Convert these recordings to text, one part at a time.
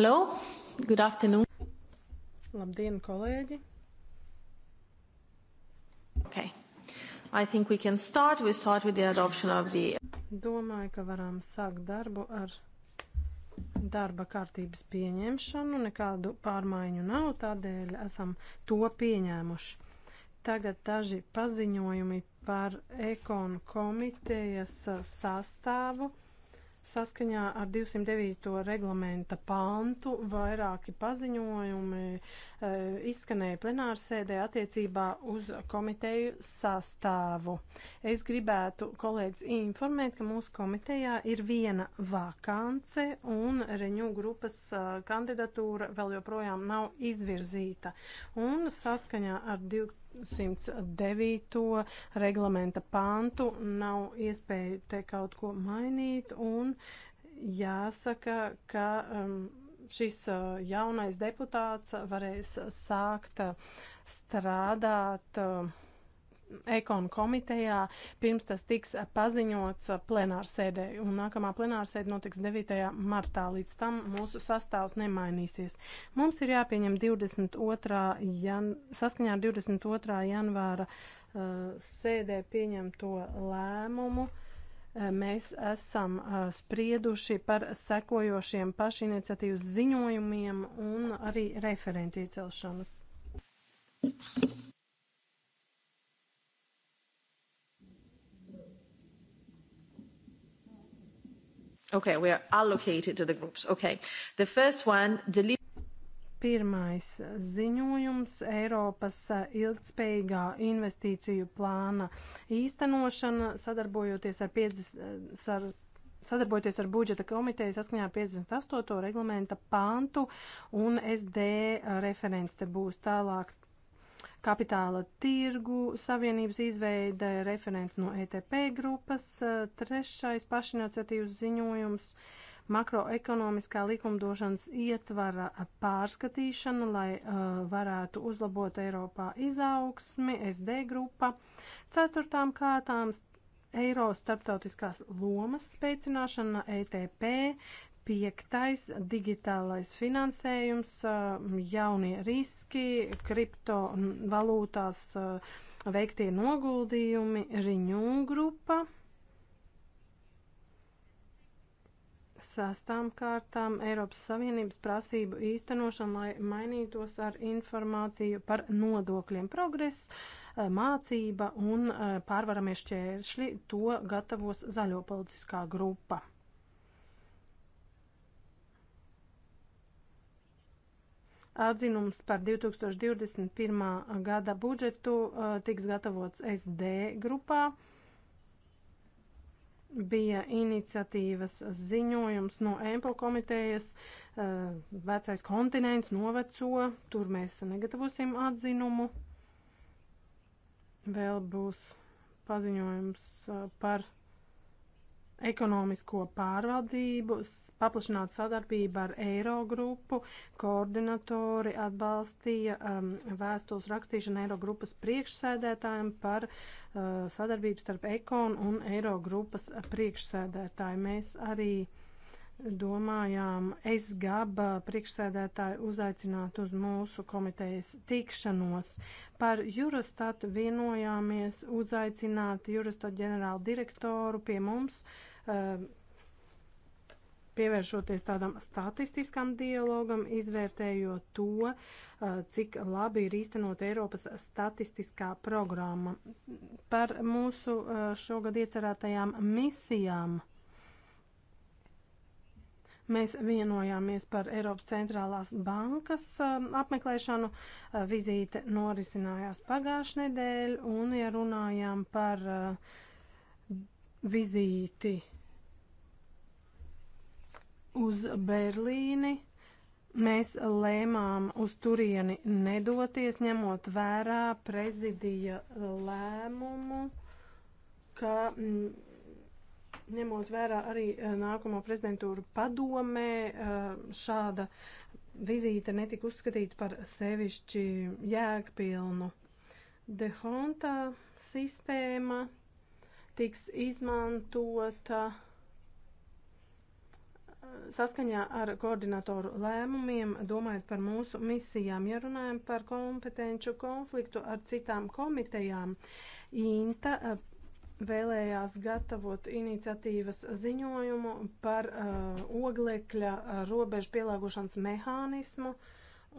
Hello, good afternoon. Labdien, kolēģi. Okay. I think we can start. We start with the adoption of the... Domāju, ka varam sākt darbu ar darba kārtības pieņemšanu. Nekādu pārmaiņu nav, tādēļ esam to pieņēmuši. Tagad daži paziņojumi par ekonu komitejas sastāvu. Uh, Saskaņā ar 209. reglamenta pantu vairāki paziņojumi e, izskanēja plenārsēdē attiecībā uz komiteju sastāvu. Es gribētu kolēģis informēt, ka mūsu komitejā ir viena vakance un reņu grupas eh, kandidatūra vēl joprojām nav izvirzīta. Un saskaņā ar 2. 109. reglamenta pantu nav iespēja te kaut ko mainīt un jāsaka, ka um, šis uh, jaunais deputāts varēs sākt uh, strādāt uh, ekonu komitejā, pirms tas tiks paziņots plenārsēdē. Un nākamā plenārsēde notiks 9. martā. Līdz tam mūsu sastāvs nemainīsies. Mums ir jāpieņem 22. Jan... saskaņā ar 22. janvāra uh, sēdē pieņemto lēmumu. Uh, mēs esam uh, sprieduši par sekojošiem pašiniciatīvas ziņojumiem un arī referentu iecelšanu. Thank you. Okay, we are allocated to the groups. Okay. The first one, deliver. Pirmais ziņojums Eiropas eh, ilgspējīgā investīciju plāna īstenošana, sadarbojoties ar, 50, eh, ar, sadarbojoties ar budžeta komiteju saskaņā ar 58. reglamenta pantu, un SD referents te būs tālāk kapitāla tirgu savienības izveide referents no ETP grupas, eh, trešais pašiniciatīvas ziņojums makroekonomiskā likumdošanas ietvara pārskatīšana, lai uh, varētu uzlabot Eiropā izaugsmi, SD grupa. Ceturtām kārtām eiro starptautiskās lomas spēcināšana, ETP, Piektais - digitālais finansējums, jaunie riski, kriptovalūtās veiktie noguldījumi, riņū grupa. Sastām kārtām Eiropas Savienības prasību īstenošana, lai mainītos ar informāciju par nodokļiem. Progress, mācība un pārvaramies šķēršļi, to gatavos zaļo politiskā grupa. Atzinums par 2021. gada budžetu uh, tiks gatavots SD grupā. Bija iniciatīvas ziņojums no Empel komitejas, uh, vecais kontinents noveco, tur mēs negatavosim atzinumu. Vēl būs paziņojums uh, par ekonomisko pārvaldību, paplašināt sadarbību ar Eirogrupu, koordinatori atbalstīja um, vēstules rakstīšanu Eirogrupas priekšsēdētājiem par uh, sadarbību starp Ekonu un Eirogrupas priekšsēdētāju. Mēs arī domājām SGAB priekšsēdētāju uzaicināt uz mūsu komitejas tikšanos. Par Jurostat vienojāmies uzaicināt Jurostat ģenerālu direktoru pie mums. Uh, Ehm, pievēršoties tādam statistiskam dialogam, izvērtējot to, eh, cik labi ir īstenot Eiropas statistiskā programma. Par mūsu eh, šogad iecerētajām misijām mēs vienojāmies par Eiropas centrālās bankas ehm, apmeklēšanu. Eh, vizīte norisinājās pagājušajā nedēļā, un, ja runājām par vizīti uz Berlīni. Mēs lēmām uz turieni nedoties, ņemot vērā prezidija lēmumu, ka mm, ņemot vērā arī eh, nākamo prezidentūru padomē, eh, šāda vizīte netika uzskatīta par sevišķi jēgpilnu. Dehonta sistēma tiks izmantota. Uh, saskaņā ar koordinatoru lēmumiem, domājot par mūsu misijām, ja runājam par kompetenču konfliktu ar citām komitejām, INTA eh, vēlējās gatavot iniciatīvas ziņojumu par uh, oglekļa uh, robežu pielāgošanas mehānismu,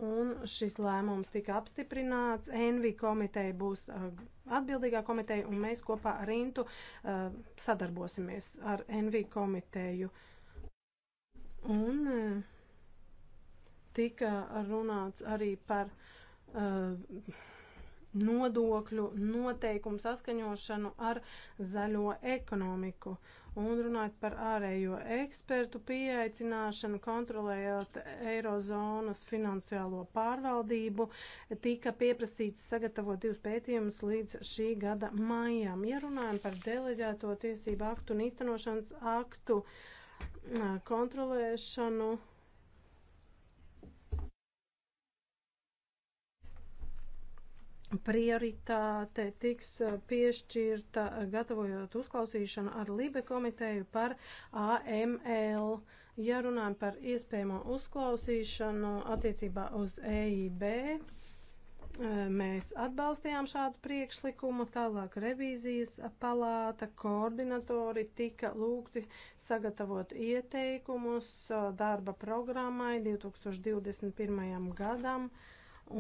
un šis lēmums tika apstiprināts. Envi komiteja būs uh, atbildīgā komiteja, un mēs kopā ar Intu uh, sadarbosimies ar Envi komiteju. Uh, Un tika runāts arī par uh, nodokļu noteikumu saskaņošanu ar zaļo ekonomiku. Un runājot par ārējo ekspertu pieaicināšanu, kontrolējot Eirozonas finansiālo pārvaldību, tika pieprasīts sagatavot divus pētījumus līdz šī gada maijām. Ja runājam par deleģēto tiesību aktu un īstenošanas aktu, uh, kontrolēšanu. prioritāte tiks piešķirta gatavojot uzklausīšanu ar Libe komiteju par AML. Ja runājam par iespējamo uzklausīšanu attiecībā uz EIB, Mēs atbalstījām šādu priekšlikumu, tālāk revīzijas palāta koordinatori tika lūgti sagatavot ieteikumus uh, darba programmai 2021. gadam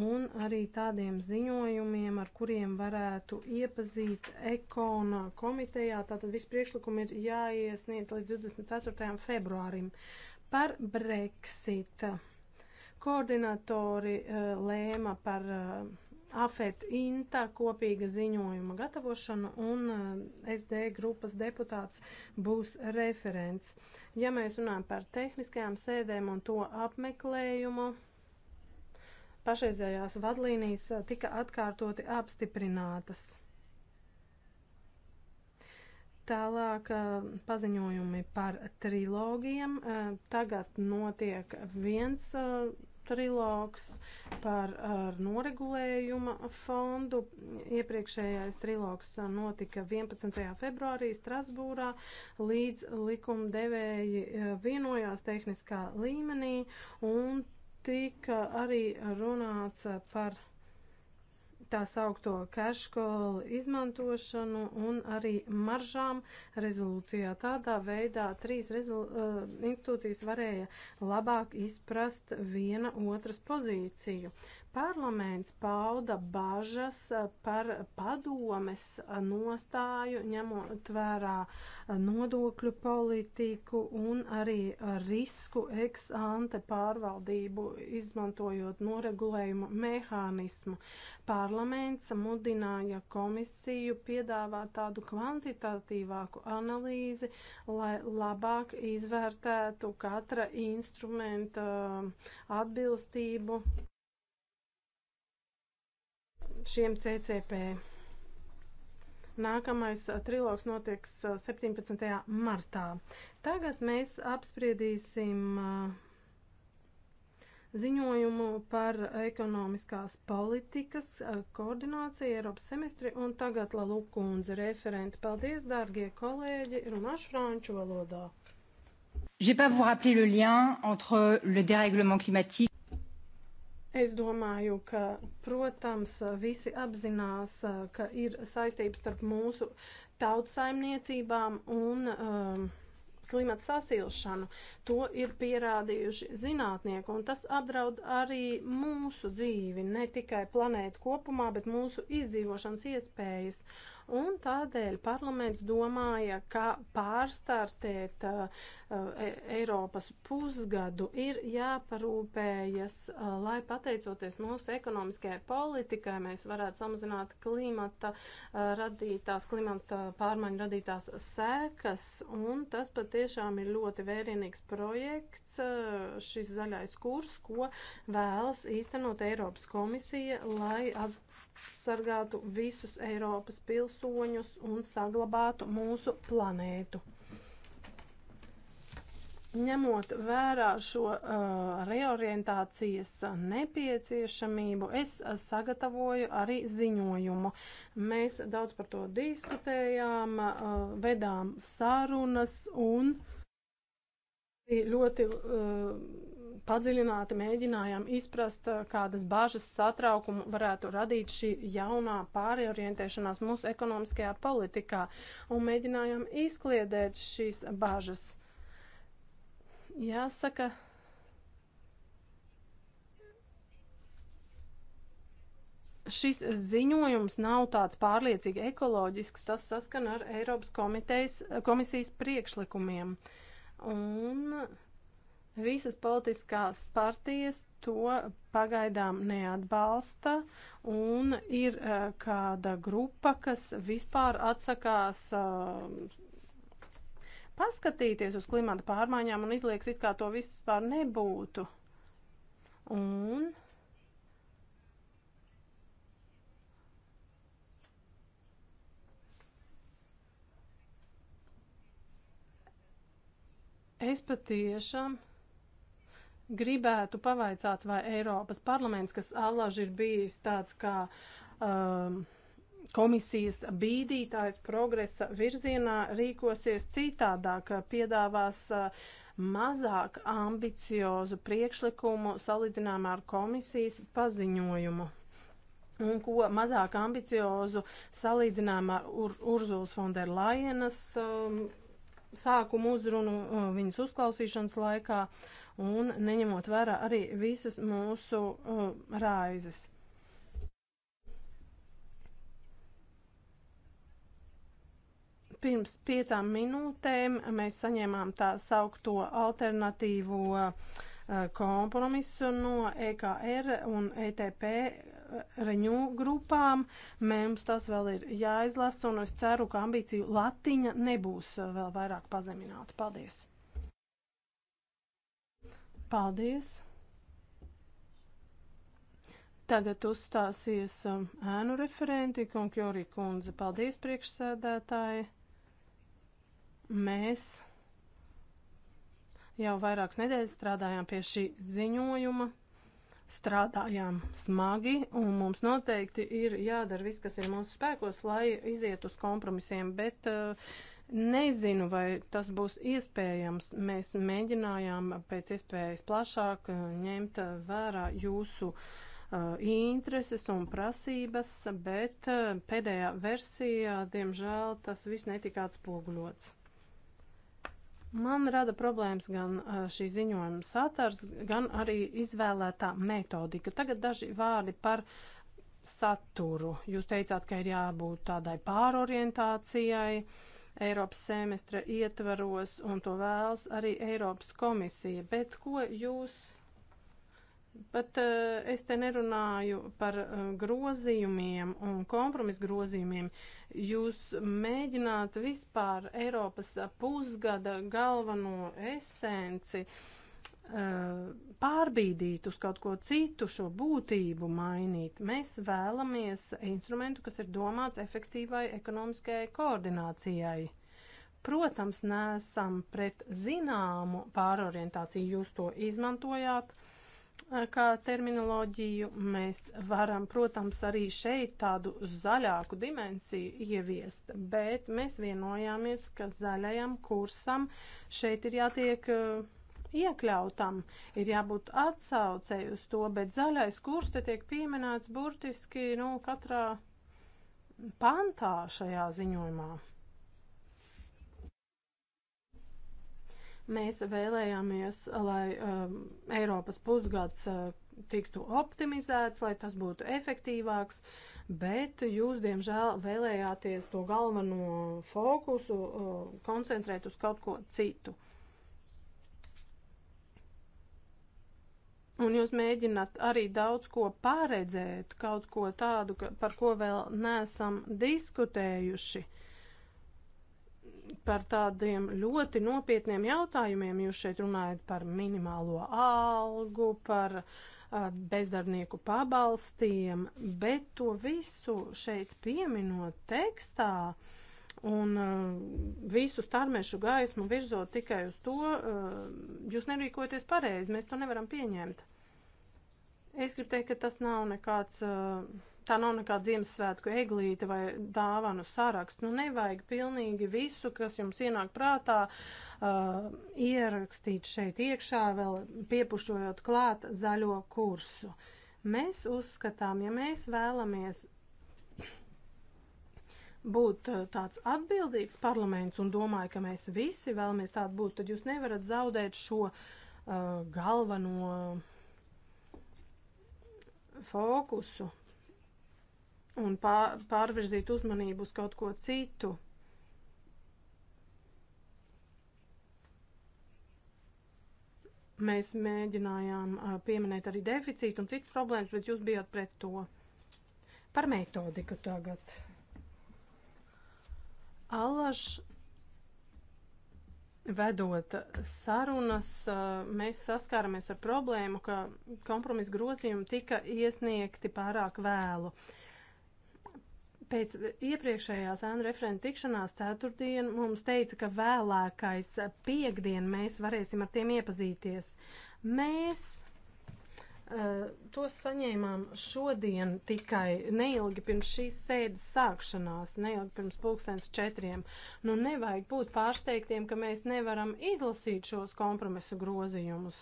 un arī tādiem ziņojumiem, ar kuriem varētu iepazīt ekona komitejā. Tātad viss priekšlikumi ir jāiesniedz līdz 24. februārim par Brexit. Koordinatori eh, lēma par eh, AFET Inta kopīga ziņojuma gatavošanu un eh, SD grupas deputāts būs referents. Ja mēs runājam par tehniskajām sēdēm un to apmeklējumu, pašreizējās vadlīnijas tika atkārtoti apstiprinātas. Tālāk paziņojumi par trilogiem. Tagad notiek viens trilogs par noregulējuma fondu. Iepriekšējais trilogs notika 11. februārī Strasbūrā, līdz likumdevēji eh, vienojās tehniskā līmenī un tika arī runāts par tā saukto cash call izmantošanu un arī maržām rezolūcijā. Tādā veidā trīs rezol, uh, eh, institūcijas varēja labāk izprast viena otras pozīciju. Parlaments pauda bažas eh, par padomes eh, nostāju, ņemot vērā nodokļu politiku un arī risku ex ante pārvaldību, izmantojot noregulējumu mehānismu. Parlament parlaments mudināja komisiju piedāvāt tādu kvantitatīvāku analīzi, lai labāk izvērtētu katra instrumenta um, atbilstību šiem CCP. Nākamais uh, trilogs notiks 17. Uh, martā. Tagad mēs apspriedīsim uh, ziņojumu par ekonomiskās politikas eh, koordināciju Eiropas semestri un tagad Lalukundze referenti. Paldies, dārgie kolēģi, runāšu franču valodā. J'ai pas vous rappelé le lien entre le dérèglement climatique Es domāju, ka, protams, visi apzinās, eh, ka ir saistības starp mūsu tautsaimniecībām un um, klimata sasilšanu. To ir pierādījuši zinātnieki, un tas apdraud arī mūsu dzīvi, ne tikai planētu kopumā, bet mūsu izdzīvošanas iespējas un tādēļ parlaments domāja, kā pārstartēt uh, E, Eiropas pusgadu ir jāparūpējas, e, lai pateicoties mūsu ekonomiskajai politikai, mēs varētu samazināt klimata e, radītās, klimata pārmaiņu radītās sēkas, un tas patiešām ir ļoti vērienīgs projekts, šis zaļais kurs, ko vēlas īstenot Eiropas komisija, lai atsargātu visus Eiropas pilsoņus un saglabātu mūsu planētu ņemot vērā šo uh, reorientācijas nepieciešamību, es sagatavoju arī ziņojumu. Mēs daudz par to diskutējām, uh, vedām sarunas un ļoti uh, padziļināti mēģinājām izprast, uh, kādas bažas satraukumu varētu radīt šī jaunā pāriorientēšanās mūsu ekonomiskajā politikā un mēģinājām izkliedēt šīs bažas Jāsaka, šis ziņojums nav tāds pārliecīgi ekoloģisks, tas saskan ar Eiropas komisijas priekšlikumiem. Un visas politiskās partijas to pagaidām neatbalsta, un ir eh, kāda grupa, kas vispār atsakās uh, paskatīties uz klimata pārmaiņām un izlieks, it kā to vispār nebūtu. Un es patiešām gribētu pavaicāt, vai Eiropas parlaments, kas allaž ir bijis tāds kā um, komisijas bīdītājs progresa virzienā rīkosies citādāk, piedāvās uh, mazāk ambiciozu priekšlikumu salīdzinājumā ar komisijas paziņojumu. Un ko mazāk ambiciozu salīdzinājumā ar Ur Urzulas Fonderlajenas um, sākumu uzrunu um, viņas uzklausīšanas laikā un neņemot vērā arī visas mūsu um, raizes. pirms piecām minūtēm mēs saņēmām tā saukto alternatīvo eh, kompromisu no EKR un ETP eh, reņū grupām. Mums tas vēl ir jāizlasa, un es ceru, ka ambīciju latiņa nebūs eh, vēl vairāk pazemināta. Paldies! Paldies! Tagad uzstāsies ēnu referenti Konkjori kundze. Paldies, priekšsēdētāji! Mēs jau vairākas nedēļas strādājām pie šī ziņojuma, strādājām smagi, un mums noteikti ir jādara viss, kas ir mūsu spēkos, lai iziet uz kompromisiem, bet uh, nezinu, vai tas būs iespējams. Mēs mēģinājām pēc iespējas plašāk uh, ņemt vērā jūsu uh, intereses un prasības, bet pēdējā versijā, diemžēl, tas viss netika atspoguļots. Man rada problēmas gan šī ziņojuma saturs, gan arī izvēlētā metodika. Tagad daži vārdi par saturu. Jūs teicāt, ka ir jābūt tādai pārorientācijai Eiropas semestra ietvaros, un to vēlas arī Eiropas komisija. Bet ko jūs Pat uh, es te nerunāju par uh, grozījumiem un kompromisu grozījumiem. Jūs mēģināt vispār Eiropas pusgada galveno esenci uh, pārbīdīt uz kaut ko citu, šo būtību mainīt. Mēs vēlamies instrumentu, kas ir domāts efektīvai ekonomiskajai koordinācijai. Protams, nesam pret zināmu pārorientāciju, jūs to izmantojāt, kā terminoloģiju mēs varam, protams, arī šeit tādu zaļāku dimensiju ieviest, bet mēs vienojāmies, ka zaļajam kursam šeit ir jātiek eh, iekļautam, ir jābūt atsaucēju uz to, bet zaļais kurs te tiek pieminēts burtiski, nu, katrā pantā šajā ziņojumā. Mēs vēlējāmies, lai um, Eiropas pusgads uh, tiktu optimizēts, lai tas būtu efektīvāks, bet jūs, diemžēl, vēlējāties to galveno fokusu uh, koncentrēt uz kaut ko citu. Un jūs mēģināt arī daudz ko paredzēt, kaut ko tādu, par ko vēl neesam diskutējuši. Uh, par tādiem ļoti nopietniem jautājumiem. Jūs šeit runājat par minimālo algu, par bezdarbnieku pabalstiem, bet to visu šeit pieminot tekstā un visu starmešu gaismu virzot tikai uz to, jūs nerīkojaties pareizi, mēs to nevaram pieņemt. Es gribu teikt, ka tas nav nekāds uh, tā nav nekāda Ziemassvētku eglīte vai dāvanu saraksts. Nu, nevajag pilnīgi visu, kas jums ienāk prātā, uh, ierakstīt šeit iekšā, vēl piepušojot klāt zaļo kursu. Mēs uzskatām, ja mēs vēlamies būt uh, tāds atbildīgs parlaments un domāju, ka mēs visi vēlamies tādu būt, tad jūs nevarat zaudēt šo uh, galveno fokusu un pārvirzīt uzmanību uz kaut ko citu. Mēs mēģinājām pieminēt arī deficītu un citas problēmas, bet jūs bijāt pret to. Par metodiku tagad. Allaž vedot sarunas, mēs saskāramies ar problēmu, ka kompromisa grozījumi tika iesniegti pārāk vēlu. Uh, Pēc iepriekšējās ēnu referenta tikšanās ceturtdien mums teica, ka vēlākais piekdien mēs varēsim ar tiem iepazīties. Mēs uh, tos saņēmām šodien tikai neilgi pirms šīs sēdes sākšanās, neilgi pirms pulkstens četriem. Nu, nevajag būt pārsteigtiem, ka mēs nevaram izlasīt šos kompromisu grozījumus.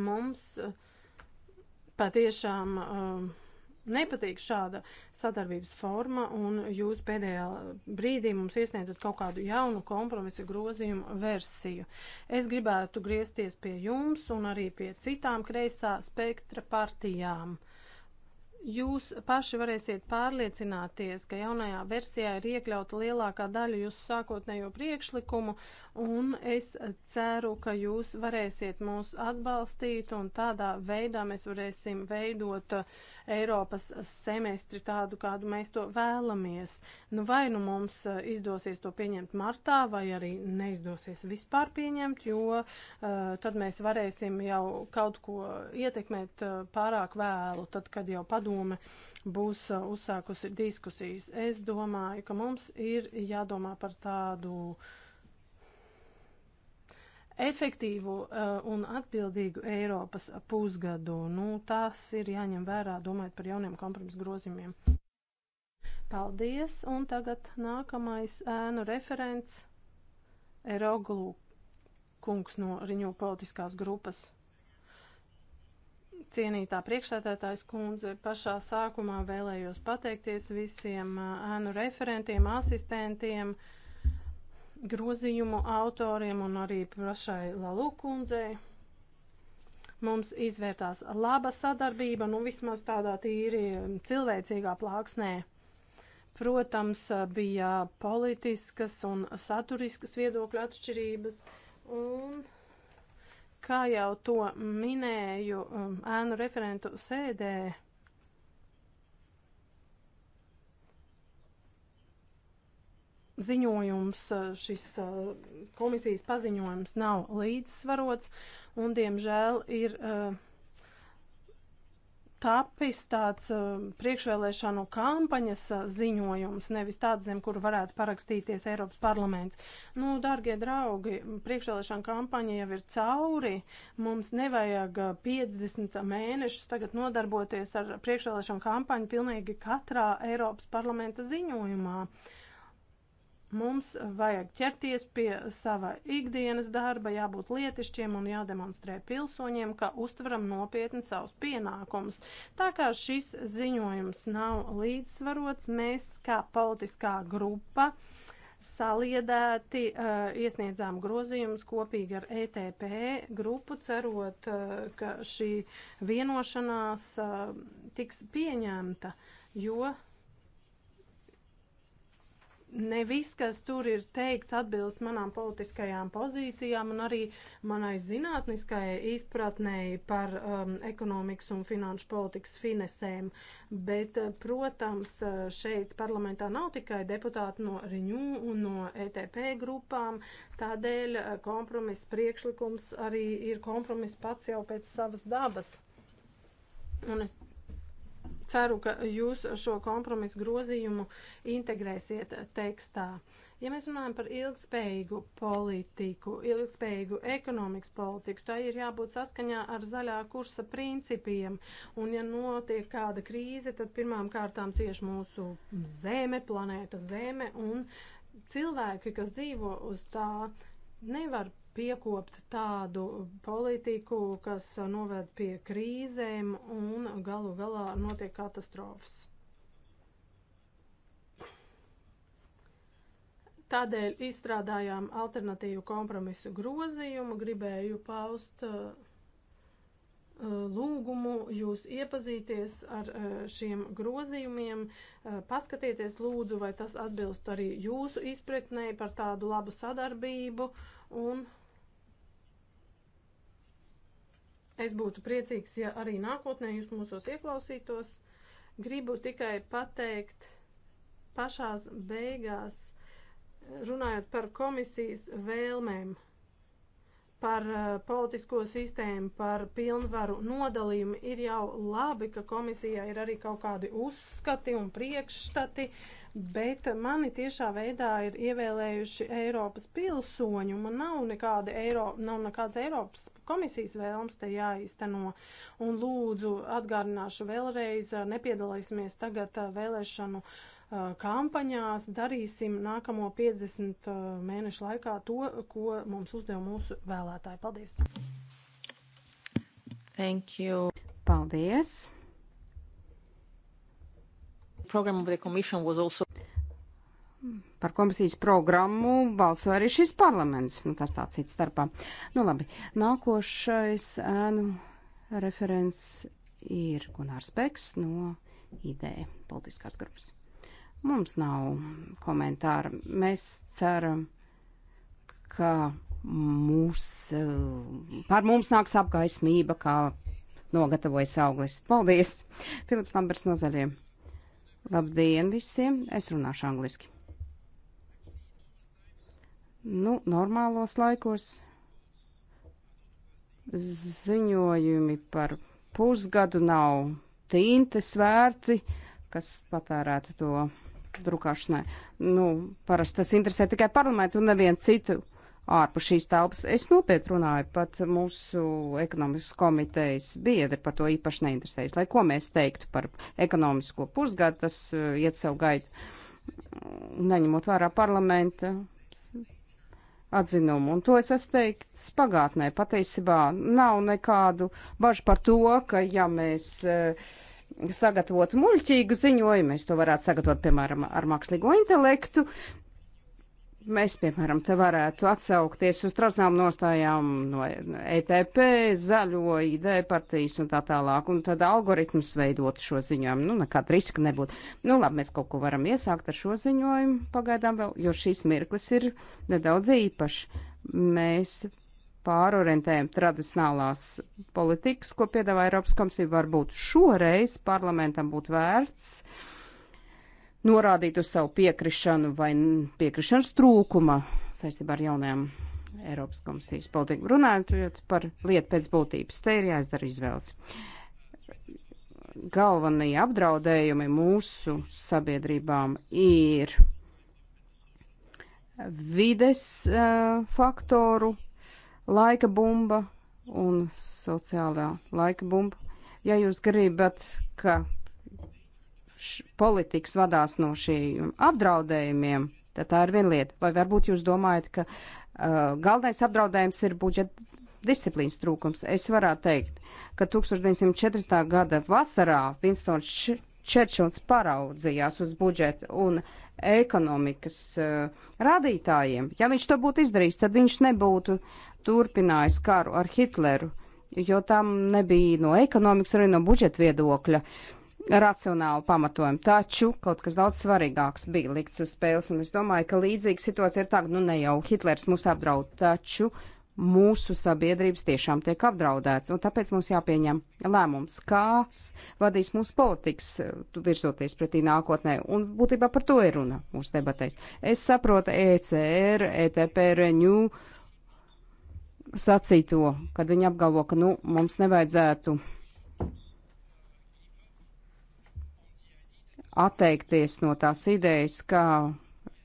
Mums uh, patiešām um, nepatīk šāda sadarbības forma, un jūs pēdējā brīdī mums iesniedzat kaut kādu jaunu kompromisu grozījumu versiju. Es gribētu griezties pie jums un arī pie citām kreisā spektra partijām. Uh, Jūs paši varēsiet pārliecināties, ka jaunajā versijā ir iekļauta lielākā daļa jūsu sākotnējo priekšlikumu, un es ceru, ka jūs varēsiet mūs atbalstīt, un tādā veidā mēs varēsim veidot Eiropas semestri tādu, kādu mēs to vēlamies. Nu, vai nu mums eh, izdosies to pieņemt martā, vai arī neizdosies vispār pieņemt, jo uh, tad mēs varēsim jau kaut ko ietekmēt uh, pārāk vēlu, tad, kad jau padome būs uh, uzsākusi diskusijas. Es domāju, ka mums ir jādomā par tādu uh, efektīvu uh, un atbildīgu Eiropas pusgadu. Nu, tas ir jāņem vērā, domājot par jauniem kompromisu grozījumiem. Paldies, un tagad nākamais ēnu referents Eroglu kungs no Riņo politiskās grupas. Cienītā priekšsēdētājs kundze, pašā sākumā vēlējos pateikties visiem uh, ēnu referentiem, asistentiem, uh, grozījumu autoriem un arī prašai Lalūkundzei. Mums izvērtās laba sadarbība, nu vismaz tādā tīri cilvēcīgā plāksnē. Protams, bija politiskas un saturiskas viedokļu atšķirības, un, kā jau to minēju, um, ēnu referentu sēdē ziņojums, eh, šis eh, komisijas paziņojums nav līdzsvarots un, diemžēl, ir eh, tapis tāds priekšvēlēšanu kampaņas ziņojums, nevis tāds, zem kuru varētu parakstīties Eiropas parlaments. Nu, dargie draugi, priekšvēlēšana kampaņa jau ir cauri. Mums nevajag 50 mēnešus tagad nodarboties ar priekšvēlēšanu kampaņu pilnīgi katrā Eiropas parlamenta ziņojumā. Uh, Mums vajag ķerties pie sava ikdienas darba, jābūt lietišķiem un jādemonstrē pilsoņiem, ka uztveram nopietni savus pienākumus. Tā kā šis ziņojums nav līdzsvarots, mēs kā politiskā grupa saliedēti uh, iesniedzām grozījumus kopīgi ar ETP grupu, cerot, uh, ka šī vienošanās uh, tiks pieņemta, jo ne viss, kas tur ir teikts, atbilst manām politiskajām pozīcijām un arī manai zinātniskajai izpratnēji par um, ekonomikas un finanšu politikas finesēm. Bet, uh, protams, uh, šeit parlamentā nav tikai deputāti no Riņū un no ETP grupām, tādēļ uh, kompromiss priekšlikums arī ir kompromiss pats jau pēc savas dabas. Un es ceru, ka jūs šo kompromisu grozījumu integrēsiet tekstā. Ja mēs runājam par ilgspējīgu politiku, ilgspējīgu ekonomikas politiku, tai ir jābūt saskaņā ar zaļā kursa principiem. Un ja notiek kāda krīze, tad pirmām kārtām cieš mūsu zeme, planēta zeme un cilvēki, kas dzīvo uz tā, nevar piekopt tādu politiku, kas noved pie krīzēm un galu galā notiek katastrofas. Tādēļ izstrādājām alternatīvu kompromisu grozījumu, gribēju paust uh, lūgumu jūs iepazīties ar uh, šiem grozījumiem, uh, paskatieties lūdzu, vai tas atbilst arī jūsu izpratnē par tādu labu sadarbību un. Es būtu priecīgs, ja arī nākotnē jūs mūsos ieklausītos. Gribu tikai pateikt pašās beigās, runājot par komisijas vēlmēm, par uh, politisko sistēmu, par pilnvaru nodalījumu, ir jau labi, ka komisijā ir arī kaut kādi uzskati un priekšstati. Uh, bet mani tiešā veidā ir ievēlējuši Eiropas pilsoņi, un man nav nekāda Eiro, nav nekādas Eiropas komisijas vēlms te jāizteno, un lūdzu atgādināšu vēlreiz, nepiedalīsimies tagad uh, vēlēšanu uh, kampaņās, darīsim nākamo 50 uh, mēnešu laikā to, ko mums uzdeva mūsu vēlētāji. Paldies! Thank you. Paldies! Also... Par komisijas programmu balso arī šis parlaments, nu tas tāds cits starpā. Nu labi, nākošais ēnu referents ir Gunārs Beks no ideja politiskās grupas. Mums nav komentāra. Mēs ceram, ka mūs, par mums nāks apgaismība, kā nogatavojas auglis. Paldies! Filips Lambers no Zaļiem. Labdien visiem! Es runāšu angliski. Nu, normālos laikos ziņojumi par pusgadu nav tintes vērti, kas patērētu to drukāšanai. Nu, parasti tas interesē tikai parlamentu un nevienu citu ārpus šīs telpas. Es nopiet runāju, pat mūsu ekonomikas komitejas biedri par to īpaši neinteresējas. Lai ko mēs teiktu par ekonomisko pusgadu, tas uh, iet sev gaitu, neņemot vērā parlamenta atzinumu. Un to es esmu teikts pagātnē. Patiesībā nav nekādu bažu par to, ka ja mēs. Uh, sagatavot muļķīgu ziņojumu. Mēs to varētu sagatavot, piemēram, ar mākslīgo intelektu, Mēs, piemēram, te varētu atsaukties uz traucām nostājām no ETP, zaļo ideja partijas un tā tālāk, un tad algoritms veidot šo ziņojumu. Nu, nekāda riska nebūtu. Nu, labi, mēs kaut ko varam iesākt ar šo ziņojumu pagaidām vēl, jo šis mirklis ir nedaudz īpašs. Mēs pārorientējam tradicionālās politikas, ko piedāvā Eiropas komisija, varbūt šoreiz parlamentam būtu vērts norādīt uz savu piekrišanu vai piekrišanas trūkuma saistībā ar jaunajām Eiropas komisijas politiku. Runājot par lietu pēc būtības, te ir jāizdara izvēles. Galvenie apdraudējumi mūsu sabiedrībām ir vides uh, faktoru, laika bumba un sociālā laika bumba. Ja jūs gribat, ka politikas vadās no šiem apdraudējumiem, tad tā ir viena lieta. Vai varbūt jūs domājat, ka uh, galvenais apdraudējums ir budžeta disciplīnas trūkums? Es varētu teikt, ka 1940. gada vasarā Vinstons Čerčils paraudzījās uz budžetu un ekonomikas uh, rādītājiem. Ja viņš to būtu izdarījis, tad viņš nebūtu turpinājis karu ar Hitleru, jo tam nebija no ekonomikas, arī no budžeta viedokļa. Uh, racionālu pamatojumu. Taču kaut kas daudz svarīgāks bija likts uz spēles, un es domāju, ka līdzīga situācija ir tāda, nu ne jau Hitlers mūs apdraud, taču mūsu sabiedrības tiešām tiek apdraudēts, un tāpēc mums jāpieņem lēmums, kas vadīs mūsu politikas eh, virzoties pretī nākotnē, un būtībā par to ir runa mūsu debatēs. Es saprotu ECR, ETP, Renew sacīto, kad viņi apgalvo, ka, nu, mums nevajadzētu atteikties no tās idejas, ka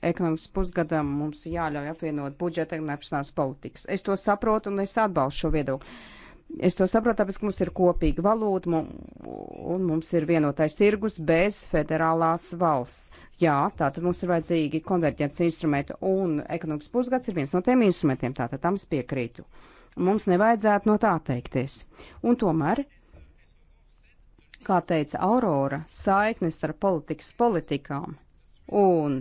ekonomikas pusgadam mums jāļauj apvienot budžeta un apšanās politikas. Es to saprotu un es atbalstu šo viedokli. Es to saprotu, tāpēc, ka mums ir kopīga valūta un mums ir vienotais tirgus bez federālās valsts. Jā, tātad mums ir vajadzīgi konverģents instrumenti un ekonomikas pusgads ir viens no tiem instrumentiem, tātad tam es piekrītu. Mums nevajadzētu no tā atteikties. Un tomēr Kā teica Aurora, saiknis ar politikas politikām un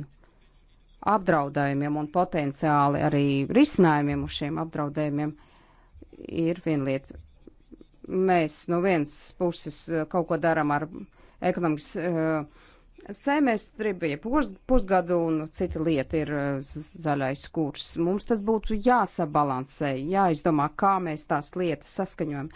apdraudējumiem un potenciāli arī risinājumiem uz šiem apdraudējumiem ir viena lieta. Mēs no nu, vienas puses eh, kaut ko darām ar ekonomikas uh, semestri, bija pusgadu un cita lieta ir eh, zaļais kurs. Mums tas būtu jāsabalansē, jāizdomā, kā mēs tās lietas saskaņojam.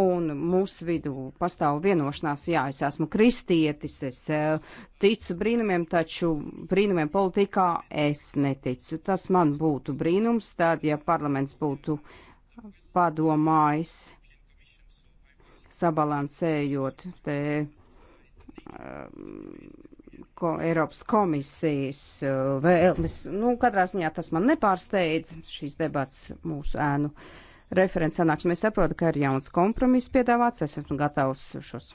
Un mūsu vidū pastāv vienošanās, jā, es esmu kristietis, es eh, ticu brīnumiem, taču brīnumiem politikā es neticu. Tas man būtu brīnums, tad, ja parlaments būtu padomājis sabalansējot te eh, ko Eiropas komisijas uh, vēlmes. Nu, katrā ziņā tas man nepārsteidz šīs debats mūsu ēnu referents sanāksmē. Es saprotu, ka ir jauns kompromiss piedāvāts, es esmu gatavs šos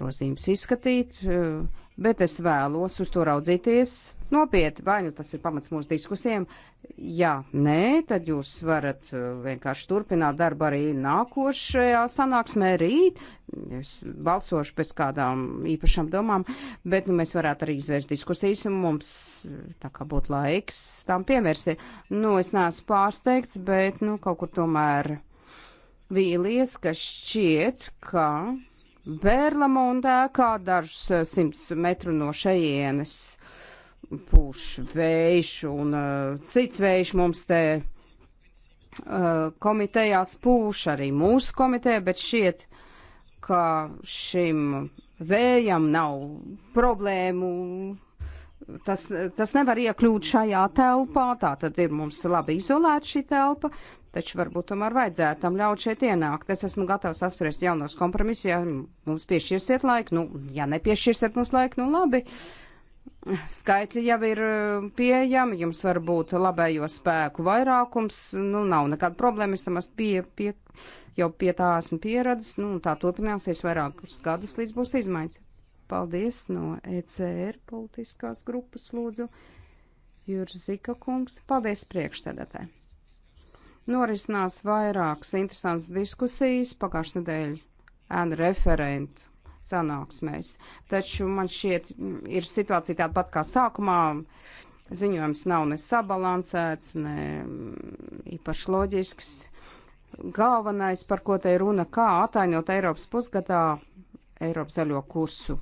grozījumus izskatīt, uh, bet es vēlos uz to raudzīties nopietni. Vai nu tas ir pamats mūsu diskusijām? Jā, nē, tad jūs varat uh, vienkārši turpināt darbu arī nākošajā sanāksmē rīt. Es balsošu pēc kādām īpašām domām, bet nu, mēs varētu arī izvērst diskusijas un mums uh, tā kā būtu laiks tām pievērsti. Nu, es neesmu pārsteigts, bet nu, kaut kur tomēr vīlies, ka šķiet, ka. Bērlamundē, kā dažus uh, simtus metru no šejienes. Uh, pūš vējš un uh, cits vējš mums te uh, eh, komitejās pūš arī mūsu komitejā, bet šiet, ka šim vējam nav problēmu. Tas, tas nevar iekļūt šajā telpā, tā tad ir mums labi izolēta šī telpa, taču varbūt tomēr vajadzētu tam ļaut šeit ienākt. Es esmu gatavs apspriest jaunos kompromisus, ja mums piešķirsiet laiku, nu, ja nepiešķirsiet mums laiku, nu labi. Uh, Skaitļi jau ir e, pieejami, jums var būt labējo spēku vairākums, nu nav nekāda problēma, es tam esmu pie, pie, jau pie tā esmu pieredzis, nu tā turpināsies vairākus gadus, līdz būs izmaiņas. Paldies no ECR politiskās grupas lūdzu, Jurzika kungs, paldies priekšstādātē. Norisinās vairākas interesantas diskusijas pagājušajā nedēļā ēnu referentu sanāksmēs. Taču man šķiet, mm, ir situācija tāda pat kā sākumā. Ziņojums nav ne sabalansēts, ne mm, īpaši loģisks. Galvenais, par ko te ir runa, kā atainot Eiropas pusgadā Eiropas zaļo kursu.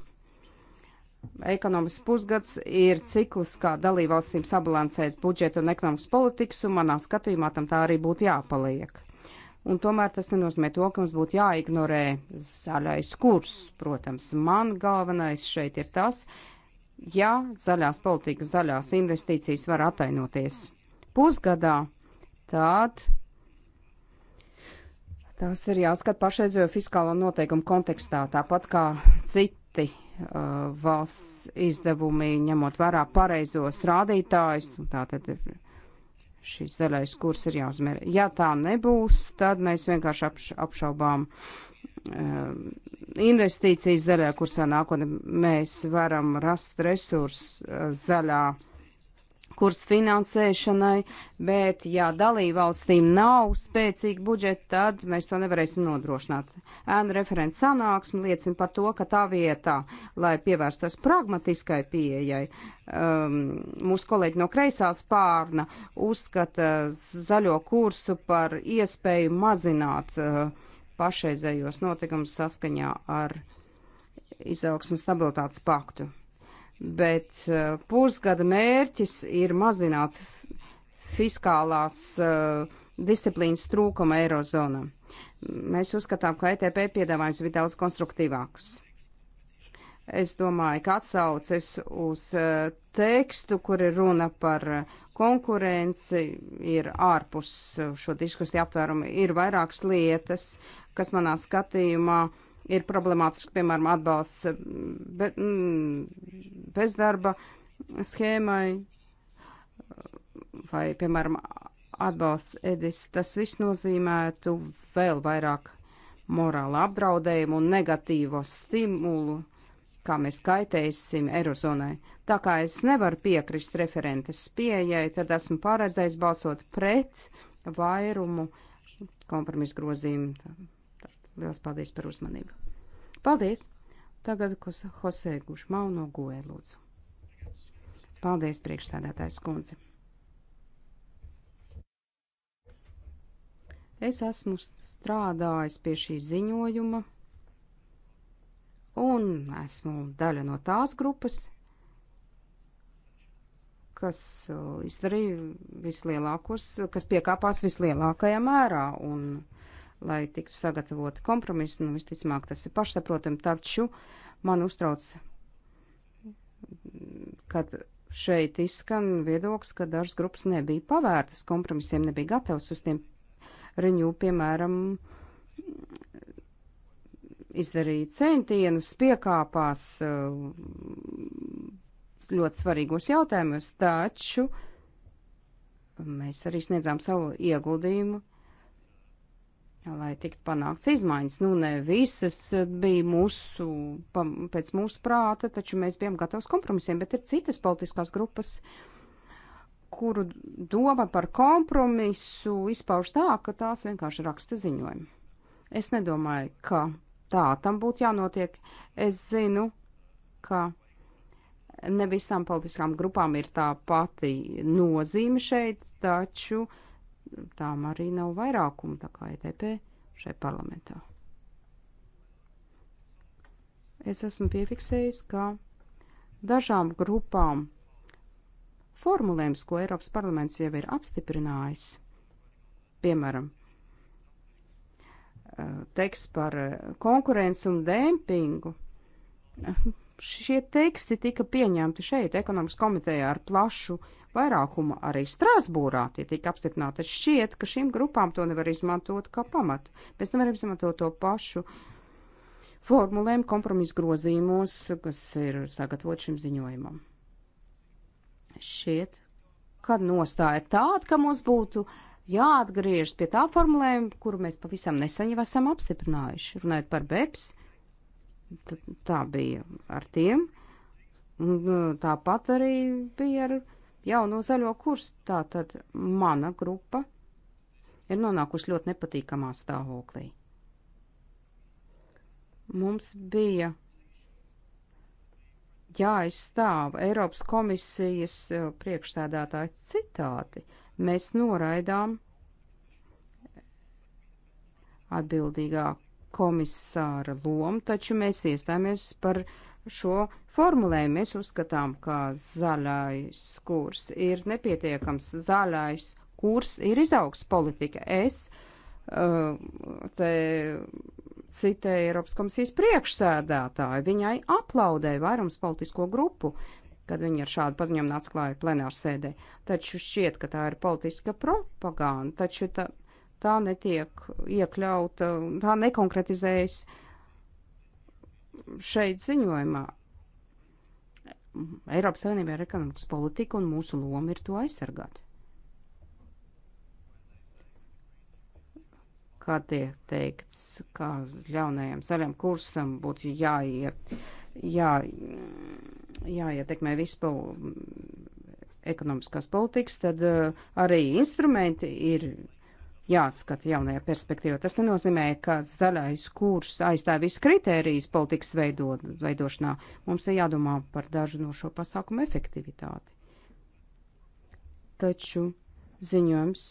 Ekonomikas pusgads ir cikls, kā dalībvalstīm sabalansēt budžetu un ekonomikas politikas, un manā skatījumā tam tā arī būtu jāpaliek. Un tomēr tas nenozīmē to, ka mums būtu jāignorē zaļais kurs. Protams, man galvenais šeit ir tas, ja zaļās politikas, zaļās investīcijas var atainoties pusgadā, tad tās ir jāskat pašreizējo fiskālo noteikumu kontekstā, tāpat kā citi uh, valsts izdevumi, ņemot vērā pareizos rādītājus, tātad šis zaļais kurs ir jāuzmēra. Ja tā nebūs, tad mēs vienkārši apš apšaubām um, investīcijas zaļajā kursā nākotnē. Mēs varam rast resursus uh, zaļā kultūras finansēšanai, bet ja dalībvalstīm nav spēcīga budžeta, tad mēs to nevarēsim nodrošināt. Ēna referents sanāksme liecina par to, ka tā vietā, lai pievērstos pragmatiskai pieejai, um, mūsu kolēģi no kreisā spārna uzskata zaļo kursu par iespēju mazināt uh, pašreizējos notikumus saskaņā ar izaugsmu stabilitātes paktu bet uh, pusgada mērķis ir mazināt fiskālās uh, disciplīnas trūkuma Eirozonā. Mēs uzskatām, ka ETP piedāvājums bija daudz konstruktīvāks. Es domāju, ka atsauces uz uh, tekstu, kur ir runa par konkurenci, ir ārpus šo diskusiju aptvērumu, ir vairākas lietas, kas manā skatījumā uh, ir problemātiski, piemēram, atbalsts eh, be, mm, bezdarba schēmai vai, piemēram, atbalsts Edis, tas viss nozīmētu vēl vairāk morāla apdraudējumu un negatīvo stimulu, kā mēs kaitēsim Eirozonai. Tā kā es nevaru piekrist referentes pieejai, tad esmu paredzējis balsot pret vairumu kompromisu grozījumu Lielas paldies par uzmanību. Paldies! Tagad, kas Hosē Gušmau no Goē, lūdzu. Paldies, priekšstādātājs kundze. Es esmu strādājis pie šī ziņojuma un esmu daļa no tās grupas, kas uh, izdarīja vislielākos, kas piekāpās vislielākajā mērā un lai tiktu sagatavoti kompromisi, nu visticamāk tas ir pašsaprotami, taču man uztrauc, kad šeit izskan viedoklis, ka dažas grupas nebija pavērtas kompromisiem, nebija gatavas uz tiem riņū, piemēram, izdarīja centienus, piekāpās uh, ļoti svarīgos jautājumus, taču mēs arī sniedzām savu ieguldījumu lai tiktu panākts izmaiņas. Nu, ne visas bija mūsu, pa, pēc mūsu prāta, taču mēs bijām gatavs kompromisiem, bet ir citas politiskās grupas, kuru doma par kompromisu izpauž tā, ka tās vienkārši raksta ziņojumu. Es nedomāju, ka tā tam būtu jānotiek. Es zinu, ka ne visām politiskām grupām ir tā pati nozīme šeit, taču uh, tām arī nav vairākumu, tā kā ETP šai parlamentā. Es esmu piefiksējis, ka dažām grupām formulējums, ko Eiropas parlaments jau ir apstiprinājis, piemēram, eh, teksts par eh, konkurenci un dēmpingu, šie teksti tika pieņemti šeit, ekonomikas komitejā, ar plašu vairākumu arī Strāsbūrā. Tie tika apstiprināti. Šķiet, ka šīm grupām to nevar izmantot kā pamatu. Mēs nevaram izmantot to pašu formulēm kompromisu grozījumos, kas ir sagatavot šim ziņojumam. Šķiet, kad nostāja tāda, ka mums būtu jāatgriežas pie tā formulējuma, kuru mēs pavisam nesaņi esam apstiprinājuši. Runājot par BEPS tā bija ar tiem. Un e, tāpat arī bija ar jauno zaļo kursu. Tātad mana grupa ir nonākusi ļoti nepatīkamā stāvoklī. Mums bija jāizstāv Eiropas komisijas e, priekšstādātāji citāti. Mēs noraidām atbildīgā komisāra lomu, taču mēs iestāmies par šo formulējumu. Mēs uzskatām, ka zaļais kurs ir nepietiekams. Zaļais kurs ir izaugs politika. Es uh, te citēju Eiropas komisijas priekšsēdētāju. Viņai aplaudēja vairums politisko grupu, kad viņi ar šādu paziņojumu atklāja plenāru sēdē. Taču šķiet, ka tā ir politiska propaganda, taču ta, tā netiek iekļauta, tā nekonkretizējas šeit ziņojumā. Eiropas Savienībā ir ekonomikas politika, un mūsu loma ir to aizsargāt. Kā tiek teikts, ka ļaunajam zaļam kursam būtu jāiet, jā, jāietekmē vispār ekonomiskās politikas, tad uh, arī instrumenti ir jāskata jaunajā perspektīvā. Tas nenozīmē, ka zaļais kurs aizstāv visu kritērijas politikas veido, veidošanā. Mums ir jādomā par dažu no šo pasākumu efektivitāti. Taču ziņojums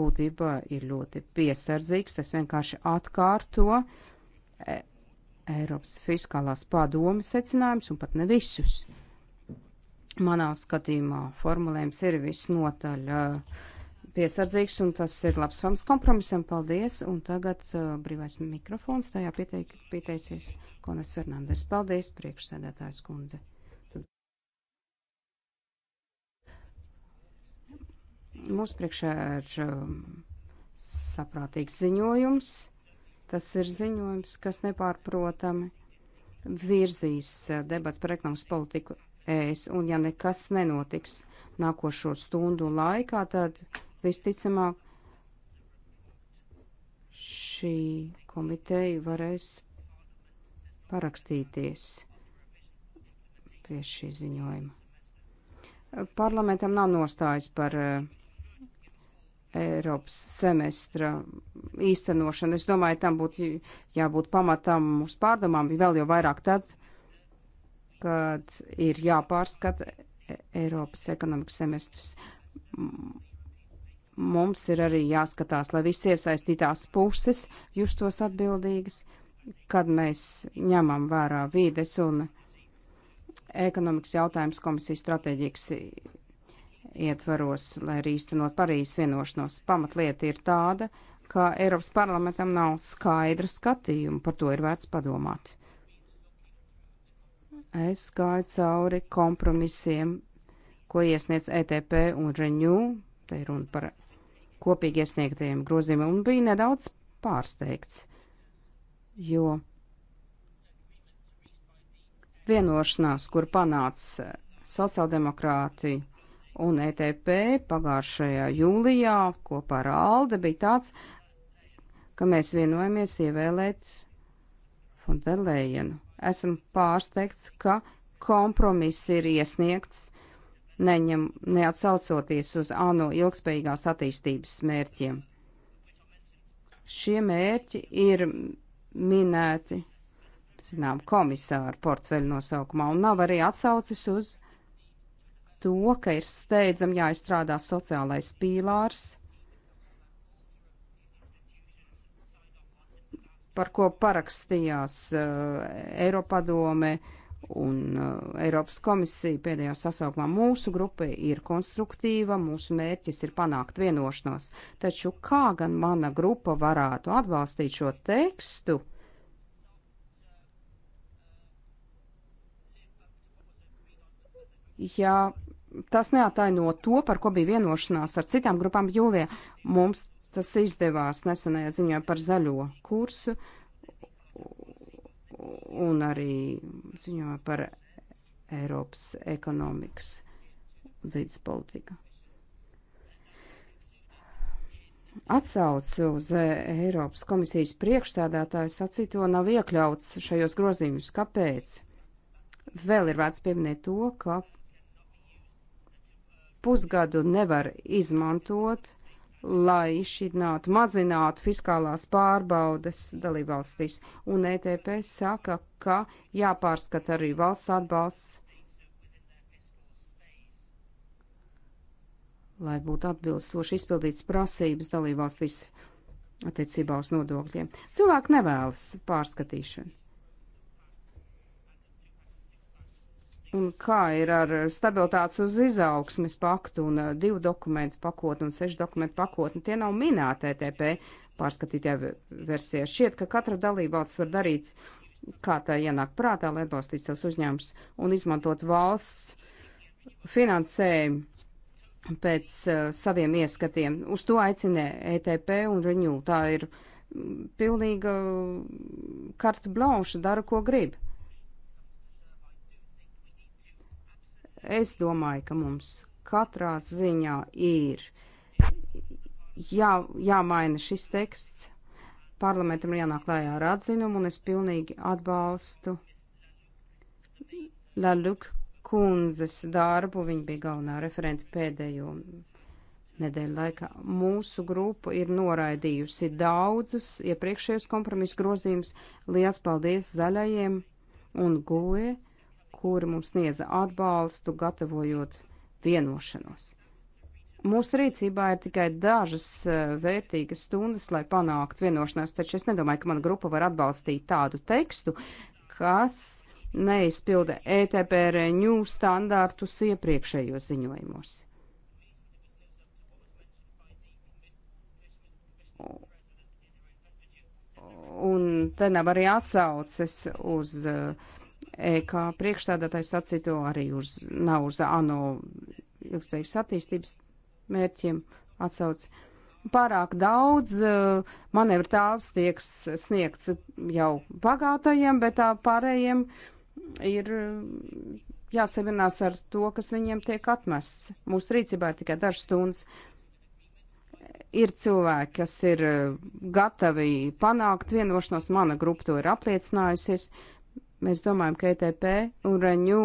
būtībā ir ļoti piesardzīgs. Tas vienkārši atkārto e Eiropas fiskālās padomas secinājumus un pat ne visus. Manā skatījumā formulējums ir visnotaļ uh, piesardzīgs, un tas ir labs vams kompromisam. Paldies! Un tagad uh, brīvais mikrofons tajā pieteik, pieteicies Konas Fernandes. Paldies, priekšsēdētājs kundze! Mūsu priekšā ir um, saprātīgs ziņojums. Tas ir ziņojums, kas nepārprotami virzīs uh, debats par ekonomikas politiku ēs, un ja nekas nenotiks nākošo stundu laikā, tad Visticamāk, šī komiteja varēs parakstīties pie šī ziņojuma. Parlamentam nav nostājis par uh, Eiropas semestra īstenošanu. Es domāju, tam būtu jābūt pamatam mūsu pārdomām, vēl jau vairāk tad, kad ir jāpārskata Eiropas ekonomikas semestrs. Mums ir arī jāskatās, lai visas iesaistītās puses justos atbildīgas, kad mēs ņemam vērā vīdes un ekonomikas jautājums komisijas stratēģikas ietvaros, lai arī īstenot Parīzes vienošanos. Pamatlieta ir tāda, ka Eiropas parlamentam nav skaidra skatījuma, par to ir vērts padomāt. Es gāju cauri kompromisiem, ko iesniedz ETP un Renew, te ir runa par kopīgi iesniegtajiem grozījumiem un bija nedaudz pārsteigts, jo vienošanās, kur panāca sociāldemokrāti un ETP pagājušajā jūlijā kopā ar Alde, bija tāds, ka mēs vienojamies ievēlēt Fondelējienu. Esam pārsteigts, ka kompromiss ir iesniegts neņem, neatsaucoties uz ANO ilgspējīgās attīstības mērķiem. Šie mērķi ir minēti, zinām, komisāra portfeļu nosaukumā, un nav arī atsaucis uz to, ka ir steidzam jāizstrādā sociālais pīlārs, par ko parakstījās uh, Eiropadome, uh, un uh, Eiropas komisija pēdējā sasaukumā mūsu grupa ir konstruktīva, mūsu mērķis ir panākt vienošanos. Taču kā gan mana grupa varētu atbalstīt šo tekstu? Ja tas neataino to, par ko bija vienošanās ar citām grupām jūlijā, mums tas izdevās nesenajā ziņā par zaļo kursu. Uh, un arī ziņoja par Eiropas ekonomikas vidas politiku. Atsauce uz e- Eiropas komisijas priekšstādātāju sacīto nav iekļauts šajos grozījumus. Kāpēc? Vēl ir vērts pieminēt to, ka pusgadu nevar izmantot lai izšķidinātu, mazinātu fiskālās pārbaudes dalībvalstīs. Un ETP saka, ka jāpārskata arī valsts atbalsts, lai būtu atbilstoši izpildīts prasības dalībvalstīs attiecībā uz nodokļiem. Cilvēki nevēlas pārskatīšanu. Un kā ir ar stabilitātes uz izaugsmes paktu un uh, divu dokumentu pakotni un sešu dokumentu pakotni? Tie nav minēti ETP pārskatītajā versijā. Šķiet, ka katra dalībvalsts var darīt, kā tā ienāk prātā, lai atbalstītu savus uzņēmumus un izmantot valsts finansējumu pēc uh, saviem ieskatiem. Uz to aicinē ETP un Renew. Tā ir mm, pilnīga karta mm, blauša, dara, ko grib. Es domāju, ka mums katrā ziņā ir jā, jāmaina šis teksts. Parlamentam ir jānāk klājā ar atzinumu, un es pilnīgi atbalstu Laluka kundzes darbu. Viņa bija galvenā referenta pēdējo nedēļu laikā. Mūsu grupa ir noraidījusi daudzus iepriekšējos kompromisu grozījumus. Liels paldies zaļajiem un goe! kuri mums sniedza atbalstu, gatavojot vienošanos. Mūsu rīcībā ir tikai dažas eh, vērtīgas stundas, lai panāktu vienošanos, taču es nedomāju, ka mana grupa var atbalstīt tādu tekstu, kas neizpilda ETPR ņū standārtus iepriekšējos ziņojumos. un te nav arī atsauces uz uh, E kā priekšstādātais sacīto arī uz, nav uz ANO ilgspējīgas attīstības mērķiem atsauc. Pārāk daudz e, manevru tāvs tiek sniegts jau bagātajiem, bet tā pārējiem ir e, jāsamierinās ar to, kas viņiem tiek atmests. Mūsu rīcībā ir tikai dažas stundas. Ir cilvēki, kas ir gatavi panākt vienošanos, mana grupa to ir apliecinājusies. Uh, Mēs domājam, ka ETP un Reņū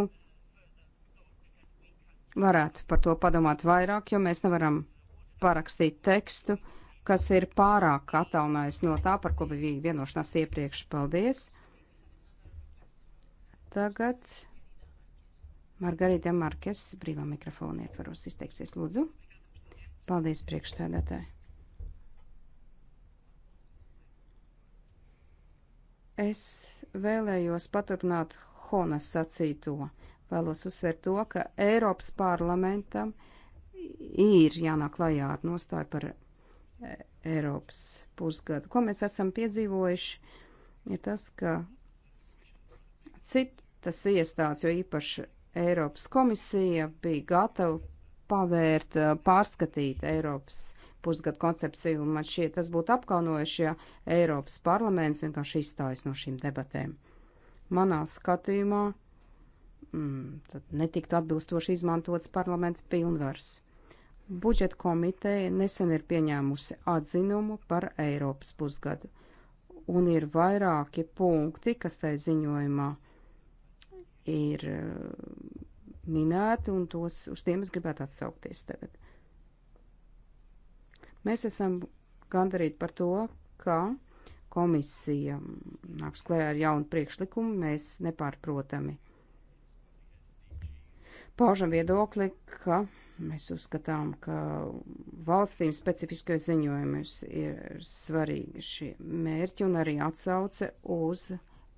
varētu par to padomāt vairāk, jo mēs nevaram parakstīt tekstu, kas ir pārāk attālinājis no tā, par ko bija vienošanās iepriekš. Paldies! Tagad Margarita Markes brīvā mikrofona ietvaros izteiksies, lūdzu. Paldies priekšsēdētāji! Es vēlējos paturpināt Honas sacīto. Vēlos uzsvērt to, ka Eiropas parlamentam ir jānāk klajā ar nostāju par e, Eiropas pusgadu. Ko mēs esam piedzīvojuši, ir tas, ka citas iestādes, jo īpaši Eiropas komisija, bija gatava pavērt, e, pārskatīt Eiropas pusgadu koncepciju, un man šķiet, tas būtu apkaunojuši, ja Eiropas parlaments vienkārši izstājas no šīm debatēm. Manā skatījumā mm, tad netiktu atbilstoši izmantots parlamenta pilnvars. Budžeta komiteja nesen ir pieņēmusi atzinumu par Eiropas pusgadu, un ir vairāki punkti, kas tai ziņojumā ir eh, minēti, un tos, uz tiem es gribētu atsaukties tagad. Mēs esam gandarīti par to, ka komisija nāks klējā ar jaunu priekšlikumu, mēs nepārprotami paužam viedokli, ka mēs uzskatām, ka valstīm specifiskajos ziņojumus ir svarīgi šie mērķi un arī atsauce uz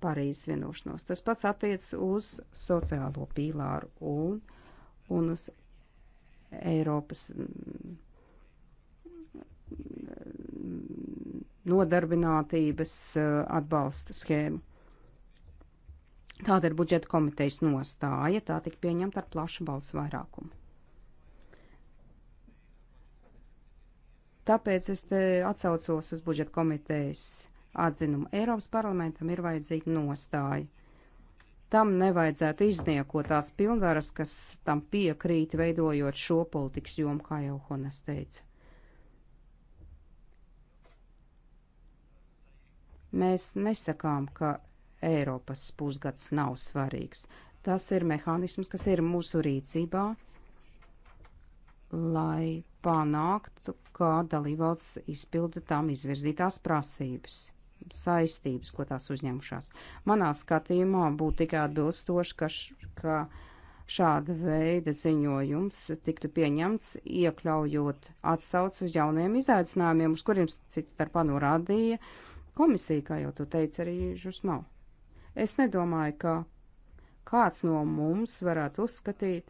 Parīzes vienošanos. Tas pats attiec uz sociālo pīlāru un, un uz Eiropas nodarbinātības eh, atbalsta schēmu. Tāda ir budžeta komitejas nostāja, tā tika pieņemta ar plašu balsu vairākumu. Tāpēc es te atsaucos uz budžeta komitejas atzinumu. Eiropas parlamentam ir vajadzīga nostāja. Tam nevajadzētu izniekot tās pilnvaras, kas tam piekrīt, veidojot šo politikas jomu, kā jau Honas teica. Mēs nesakām, ka Eiropas pusgads nav svarīgs. Tas ir mehānisms, kas ir mūsu rīcībā, lai panāktu, kā dalībvalsts izpilda tām izvirzītās prasības, saistības, ko tās uzņemšās. Manā skatījumā būtu tikai atbilstoši, ka, ka šāda veida ziņojums tiktu pieņemts, iekļaujot atsauc uz jauniem izaicinājumiem, uz kuriem cits starpā norādīja. Uh, Komisija, kā jau to teica, arī žurnāl. Es nedomāju, ka kāds no mums varētu uzskatīt,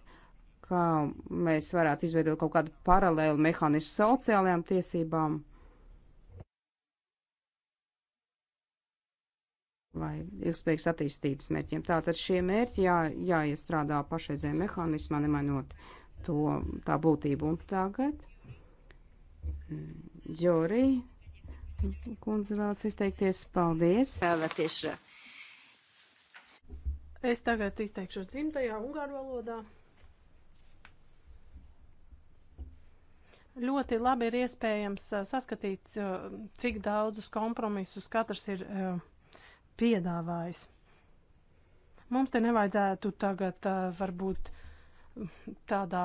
ka mēs varētu izveidot kaut kādu paralēlu mehānismu sociālajām tiesībām. Vai ilgspējīgas attīstības mērķiem. Tātad šie mērķi jā, jāiestrādā pašreizējā mehānismā, nemainot to tā būtību. Un tagad mm, Džorī Kundze vēlas izteikties. Paldies! Vēlatiešā. Es tagad izteikšos dzimtajā ungāru valodā. Ļoti labi ir iespējams uh, saskatīt, uh, cik daudzus kompromisus katrs ir uh, piedāvājis. Mums te nevajadzētu tagad varbūt tādā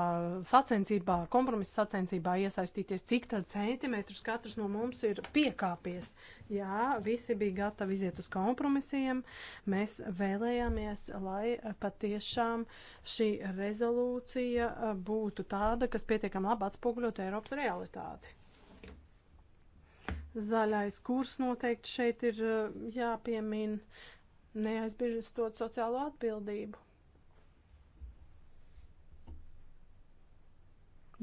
sacensībā, kompromisa sacensībā iesaistīties, cik tad centimetrus katrs no mums ir piekāpies. Jā, visi bija gatavi iziet uz kompromisiem. Mēs vēlējāmies, lai patiešām šī rezolūcija būtu tāda, kas pietiekam labi atspoguļot Eiropas realitāti. Zaļais kurs noteikti šeit ir jāpiemina, neaizbirstot sociālo atbildību.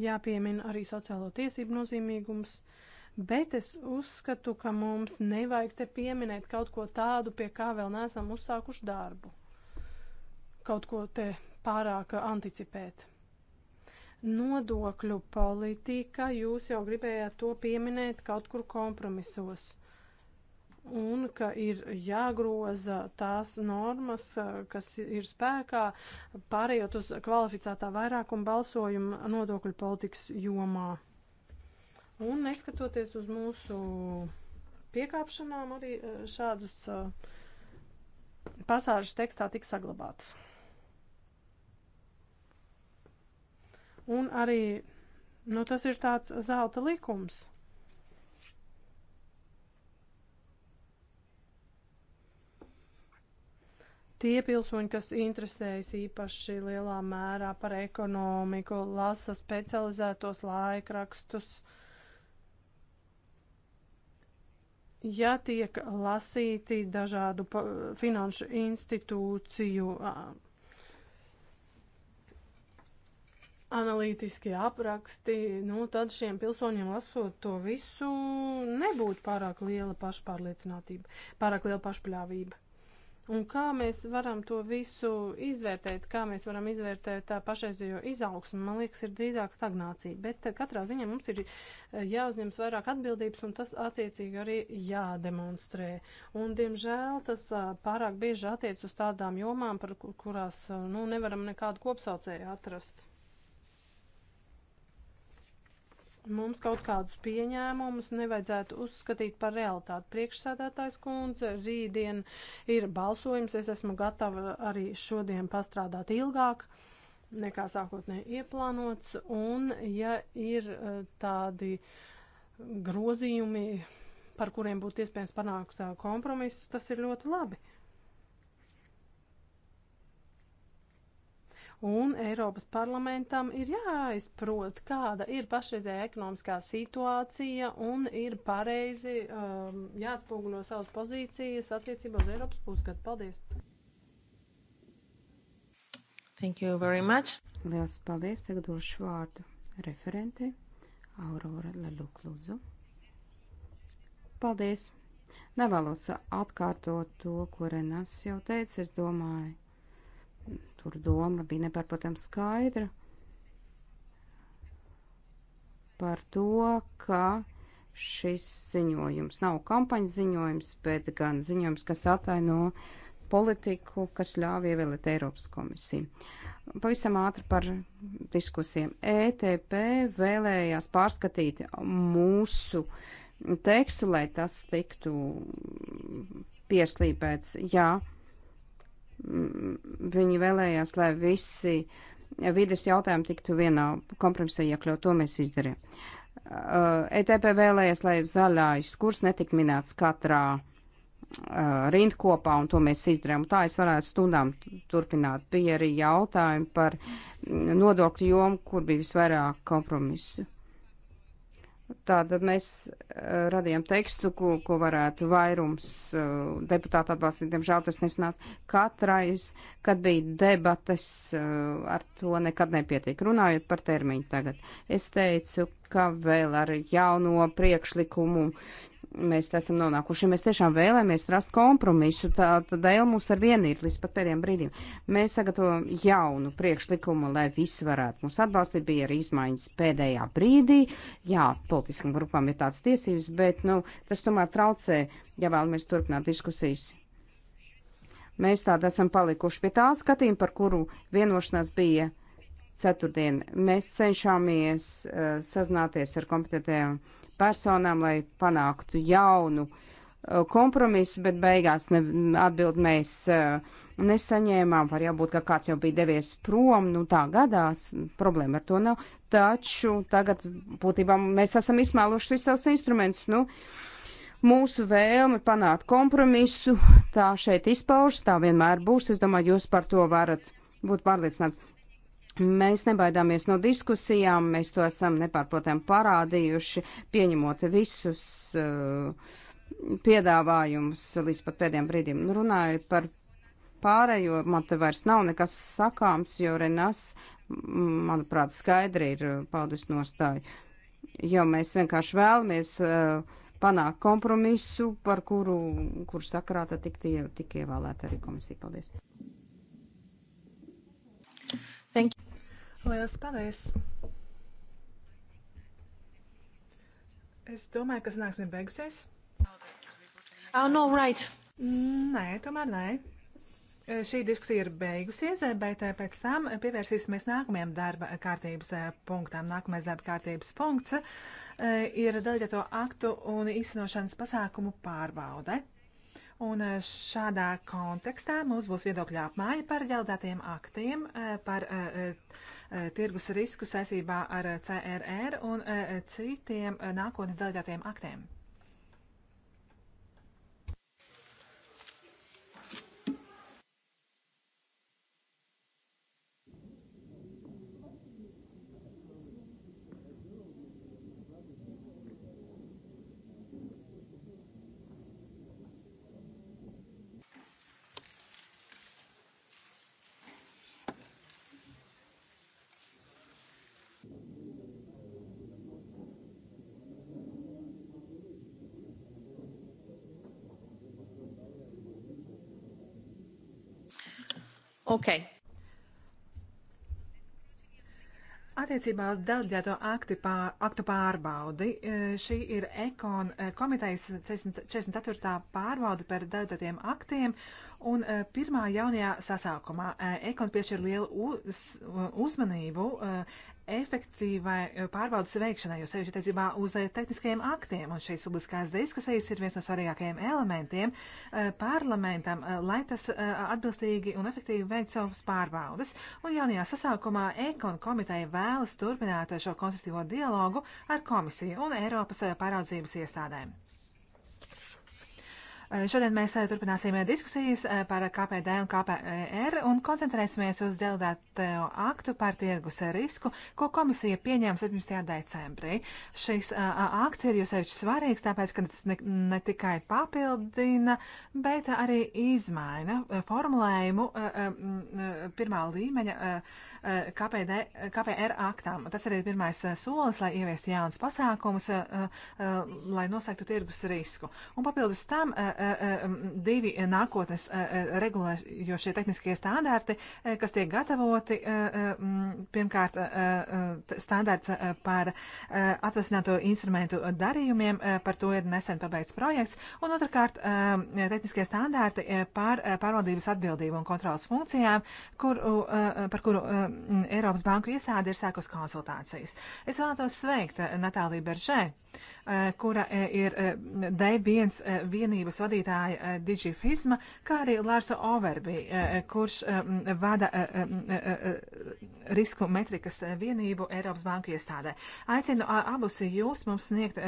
Jāpiemina arī sociālo tiesību nozīmīgums. Bet es uzskatu, ka mums nevajag te pieminēt kaut ko tādu, pie kā vēl neesam uzsākuši darbu. Kaut ko te pārāk anticipēt. Nodokļu politika, jūs jau gribējāt to pieminēt kaut kur kompromisos un ka ir jāgroza tās normas, kas ir spēkā, pārējot uz kvalificētā vairākuma balsojuma nodokļu politikas jomā. Un neskatoties uz mūsu piekāpšanām, arī e, šādas e, pasāžas tekstā tika saglabātas. Un arī, nu tas ir tāds zelta likums – tie pilsoņi, kas interesējas īpaši lielā mērā par ekonomiku, lasa specializētos laikrakstus. Ja tiek lasīti dažādu finanšu institūciju analītiskie apraksti, nu tad šiem pilsoņiem lasot to visu nebūtu pārāk liela pašpārliecinātība, pārāk liela pašpļāvība. Un kā mēs varam to visu izvērtēt, kā mēs varam izvērtēt tā pašreizējo izaugsmu, man liekas, ir drīzāk stagnācija. Bet eh, katrā ziņā mums ir eh, jāuzņems vairāk atbildības un tas attiecīgi arī jādemonstrē. Un, diemžēl, tas eh, pārāk bieži attiec uz tādām jomām, par kurās, nu, nevaram nekādu kopsaucēju atrast. mums kaut kādus pieņēmumus nevajadzētu uzskatīt par realitāti. Priekšsēdētājs kundze, rītdien ir balsojums, es esmu gatava arī šodien pastrādāt ilgāk nekā sākotnēji ieplānots, un ja ir eh, tādi grozījumi, par kuriem būtu iespējams panākt eh, kompromisu, tas ir ļoti labi. Un Eiropas parlamentam ir jāizprot, kāda ir pašreizējā ekonomiskā situācija un ir pareizi um, jāatspūguļo savas pozīcijas attiecībā uz Eiropas pusgadu. Paldies! Thank you very much. Liels paldies. Tagad došu vārdu referentei Aurora Lelūk lūdzu. Paldies. Nevēlos atkārtot to, ko Renas jau teica. Es domāju, kur doma bija nepārprotams skaidra par to, ka šis ziņojums nav kampaņas ziņojums, bet gan ziņojums, kas ataino politiku, kas ļāva ievēlēt Eiropas komisiju. Pavisam ātri par diskusijām. ETP vēlējās pārskatīt mūsu tekstu, lai tas tiktu pieslīpēts. Jā, Viņi vēlējās, lai visi vides jautājumi tiktu vienā kompromisā iekļaut. To mēs izdarījām. ETP eh, e vēlējās, lai zaļais kurs netika minēts katrā eh, rindkopā, un to mēs izdarījām. Tā es varētu stundām turpināt. Bija arī jautājumi par mm, nodokļu jomu, kur bija visvairāk kompromisu. Tātad mēs eh, radījām tekstu, ko, ko varētu vairums eh, deputātu atbalstīt. Diemžēl tas nesanās. Katrais, kad bija debates, eh, ar to nekad nepietiek. Runājot par termiņu tagad, es teicu, ka vēl ar jauno priekšlikumu mēs te esam nonākuši. Ja mēs tiešām vēlamies rast kompromisu, tā, tad dēļ mums ar vienu ir līdz pat pēdējiem brīdiem. Mēs sagatavojam jaunu priekšlikumu, lai visi varētu mūs atbalstīt. Bija arī izmaiņas pēdējā brīdī. Jā, politiskam grupām ir tāds tiesības, bet, nu, tas tomēr traucē, ja vēlamies turpināt diskusijas. Mēs tādā esam palikuši pie tā skatījuma, par kuru vienošanās bija ceturtdien. Mēs cenšāmies uh, eh, sazināties ar kompetentējiem uh, personām, lai panāktu jaunu uh, kompromisu, bet beigās ne, atbild mēs uh, nesaņēmām. Var jau būt, ka kāds jau bija devies prom, nu tā gadās, problēma ar to nav. Taču tagad būtībā mēs esam izsmēluši visus savus instrumentus. Nu, mūsu vēlme panākt kompromisu, tā šeit izpaužas, tā vienmēr būs. Es domāju, jūs par to varat būt pārliecināti. Mēs nebaidāmies no diskusijām, mēs to esam nepārprotam parādījuši, pieņemot visus uh, piedāvājumus līdz pat pēdējiem brīdiem. Nu, Runājot par pārējo, man te vairs nav nekas sakāms, jo Renas, manuprāt, skaidri ir eh, paudis nostāju. Jo mēs vienkārši vēlamies uh, panākt kompromisu, par kuru, kur sakrā tad tik, tie, tik ievēlēta arī komisija. Paldies! Thank you. Lielas paldies! Es domāju, ka sanāksme ir beigusies. Oh, no, right. Nē, tomēr nē. Eh, šī diskusija ir beigusies, eh, bet eh, pēc tam pievērsīsimies nākamajam darba kārtības punktam. Nākamais darba kārtības punkts ir daļa to aktu un īstenošanas pasākumu pārbaude. Un eh, šādā kontekstā mums būs viedokļa apmaiņa par ģeldētiem aktiem, eh, par eh, tirgus risku saistībā ar CRR un citiem nākotnes ģeldētiem aktiem. Ok. Attiecībā uz delģēto aktu, pār, aktu pārbaudi, e, šī ir ekon e, komitejas 44. pārbauda par delģētiem aktiem, Un eh, pirmā jaunajā sasaukumā eh, Ekon piešķir lielu uz, uzmanību eh, efektīvai pārbaudas veikšanai, jo sevišķi attiecībā uz tehniskajiem aktiem, un šīs publiskās diskusijas ir viens no svarīgākajiem elementiem parlamentam, lai tas atbilstīgi un efektīvi veikt savas pārbaudas. Un jaunajā sasaukumā Ekon komiteja vēlas turpināt šo konstruktīvo dialogu ar komisiju un Eiropas pāraudzības iestādēm. Eh, šodien mēs eh, turpināsim eh, diskusijas par KPD un KPR e un koncentrēsimies uz delegāto aktu par tirgus risku, ko komisija pieņēma 17. decembrī. Šis akts ir jau sevišķi svarīgs, tāpēc, ka tas ne, ne tikai papildina, bet arī izmaina formulējumu pirmā līmeņa Eh, KPD, eh, KPR aktām. Tas arī ir pirmais eh, solis, lai ieviestu jaunas pasākumus, lai nosektu tirgus risku. Un papildus tam divi nākotnes regulējošie tehniskie standarti, kas tiek gatavoti. Pirmkārt, standarts par atvasināto instrumentu darījumiem, par to ir nesen pabeigts projekts. Un otrkārt, tehniskie standarti par pārvaldības atbildību un kontrolas funkcijām, kuru, par kuru Eiropas Banku iestāde ir sākus konsultācijas. Es vēlētos sveikt Natāliju Beržē Eh, kura eh, ir eh, D1 vienības vadītāja Digifisma, kā arī Lārsa Overby, kurš vada risku metrikas vienību Eiropas Banku iestādē. Aicinu abus jūs mums sniegt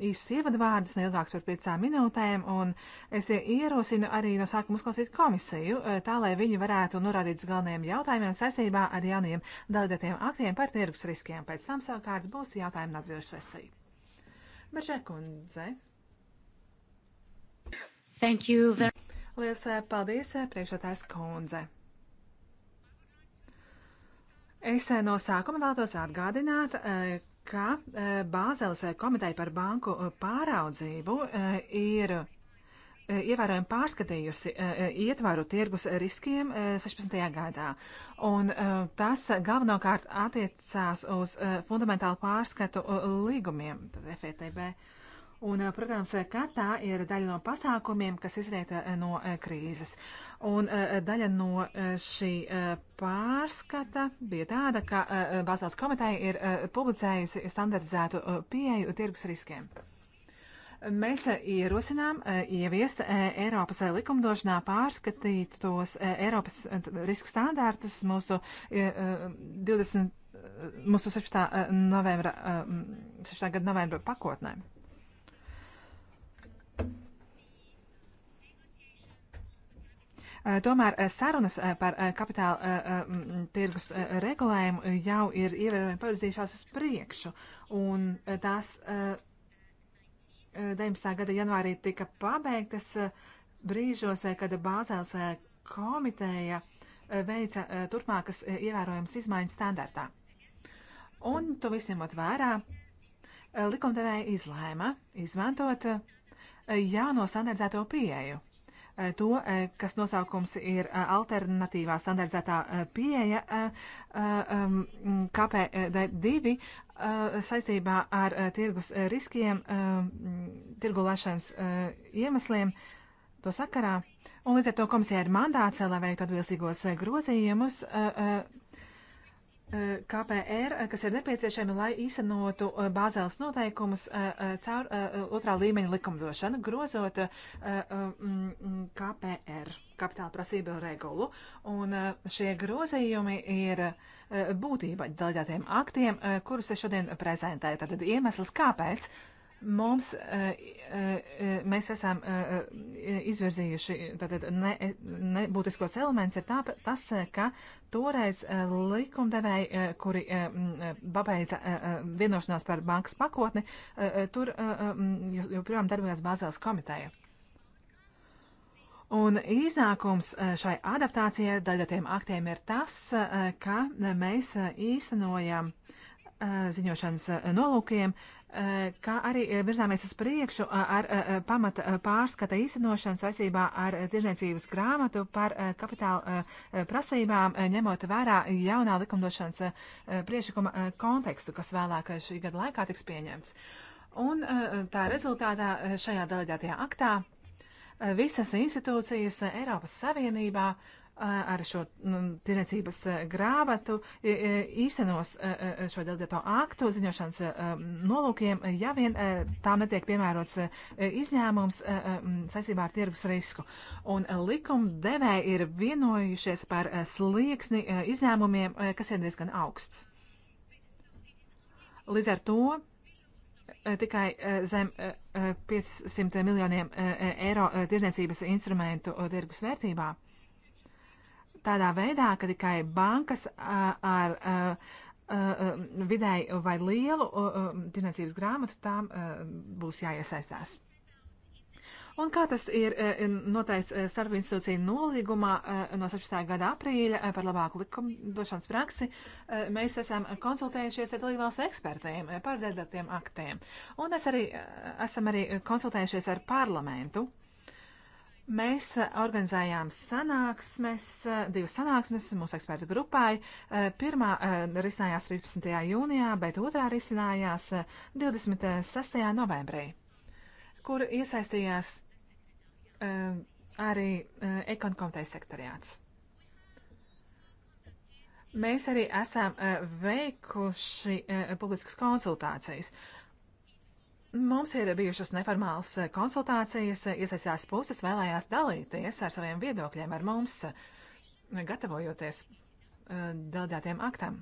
īsus ievadvārdus, neilgāks par piecām minūtēm, un es ierosinu arī no sākuma uzklausīt komisiju, tā lai viņi varētu norādīt uz galvenajiem jautājumiem saistībā ar jaunajiem delegētiem aktiem par tirgus riskiem. Pēc tam savukārt būs jautājumi atbildēt sesiju. Beržē kundze. Thank you very much. Lielas eh, paldies, eh, priekšētājs kundze. Es eh, no sākuma vēlētos atgādināt, ka Bāzeles komiteja par banku pāraudzību ir ievērojami pārskatījusi e, e, ietvaru tirgus riskiem 16. E, gadā. Un tas galvenokārt attiecās uz fundamentālu pārskatu līgumiem, tad FETB. Un, protams, ka tā ir daļa no pasākumiem, kas izriet no krīzes. Un daļa no šī pārskata bija tāda, ka Bāzēlas komiteja ir publicējusi standardizētu pieeju tirgus riskiem. Mēs eh, ierosinām eh, ieviest eh, Eiropas likumdošanā pārskatītos Eiropas riska standārtus mūsu 20. Mūsu 16. Novembra, 16. gada novembra pakotnē. Tomēr sarunas par kapitāla tirgus regulējumu jau ir ievērojami pavirzījušās uz priekšu, un tās 19. gada janvārī tika pabeigtas eh, brīžos, eh, kad Bāzēls eh, komiteja veica turpmākas ievērojamas izmaiņas standartā. Un to visu ņemot vērā, likumdevēja izlēma izmantot jauno standardizēto pieeju. To, kas nosaukums ir alternatīvā standardizētā pieeja mm, KPD2 Uh, saistībā ar uh, tirgus uh, riskiem, mm, tirgu lašanas iemesliem to sakarā, un līdz ar to komisijā ir mandāts, lai veiktu atbilstīgos grozījumus KPR, kas ir nepieciešami, lai īstenotu eh, bāzēlas noteikumus eh, eh, caur otrā līmeņa likumdošanu, grozot mm, mm, KPR, kapitāla prasību regulu. Un šie grozījumi ir būtība daļātiem aktiem, kurus es šodien prezentēju. Tad iemesls, kāpēc Mums, eh, eh, eh, mēs esam izvirzījuši tātad ne, nebūtiskos elements, ir tā, tas, ka toreiz likumdevēji, kuri pabeidza vienošanās par bankas pakotni, tur joprojām darbojās Bāzēlas komiteja. Un iznākums šai adaptācijai daļatiem aktiem ir tas, ka mēs īstenojam ziņošanas nolūkiem uh, kā arī eh, virzāmies uz priekšu eh, ar eh, pamata pārskata īstenošanu saistībā ar tirzniecības grāmatu par kapitāla prasībām, ņemot vērā jaunā likumdošanas priešakuma kontekstu, kas vēlāk šī gada laikā tiks pieņemts. Un tā rezultātā šajā deleģētajā aktā visas institūcijas Eiropas Savienībā uh, ar šo nu, tirniecības e, grāmatu e, īstenos e, šo delegēto aktu ziņošanas nolūkiem, ja vien tām netiek piemērots izņēmums saistībā ar tirgus risku. Un likumdevēji ir vienojušies par slieksni izņēmumiem, kas ir diezgan augsts. Līdz ar to tikai zem 500 miljoniem eiro tirdzniecības instrumentu tirgus vērtībā tādā veidā, ka tikai bankas ar vidēju vai lielu tirdzniecības grāmatu tām būs jāiesaistās. Un kā tas ir e, notais e, starp institūciju nolīgumā e, no 16. gada aprīļa par labāku likumdošanas praksi, mēs esam konsultējušies ar dalībvalstu ekspertiem par dedzētiem aktiem. Un es arī, esam arī konsultējušies ar parlamentu. Mēs eh, organizējām sanāksmes, eh, divas sanāksmes mūsu ekspertu grupai. Eh, Pirmā risinājās 13. jūnijā, bet otrā risinājās 26. novembrī, kur iesaistījās arī ekonkomitejas sekretariāts. Mēs arī esam veikuši publiskas konsultācijas. Mums ir bijušas neformālas eh, konsultācijas, eh, iesaistās puses vēlējās dalīties ar saviem viedokļiem ar mums, eh, gatavojoties delegātiem aktam.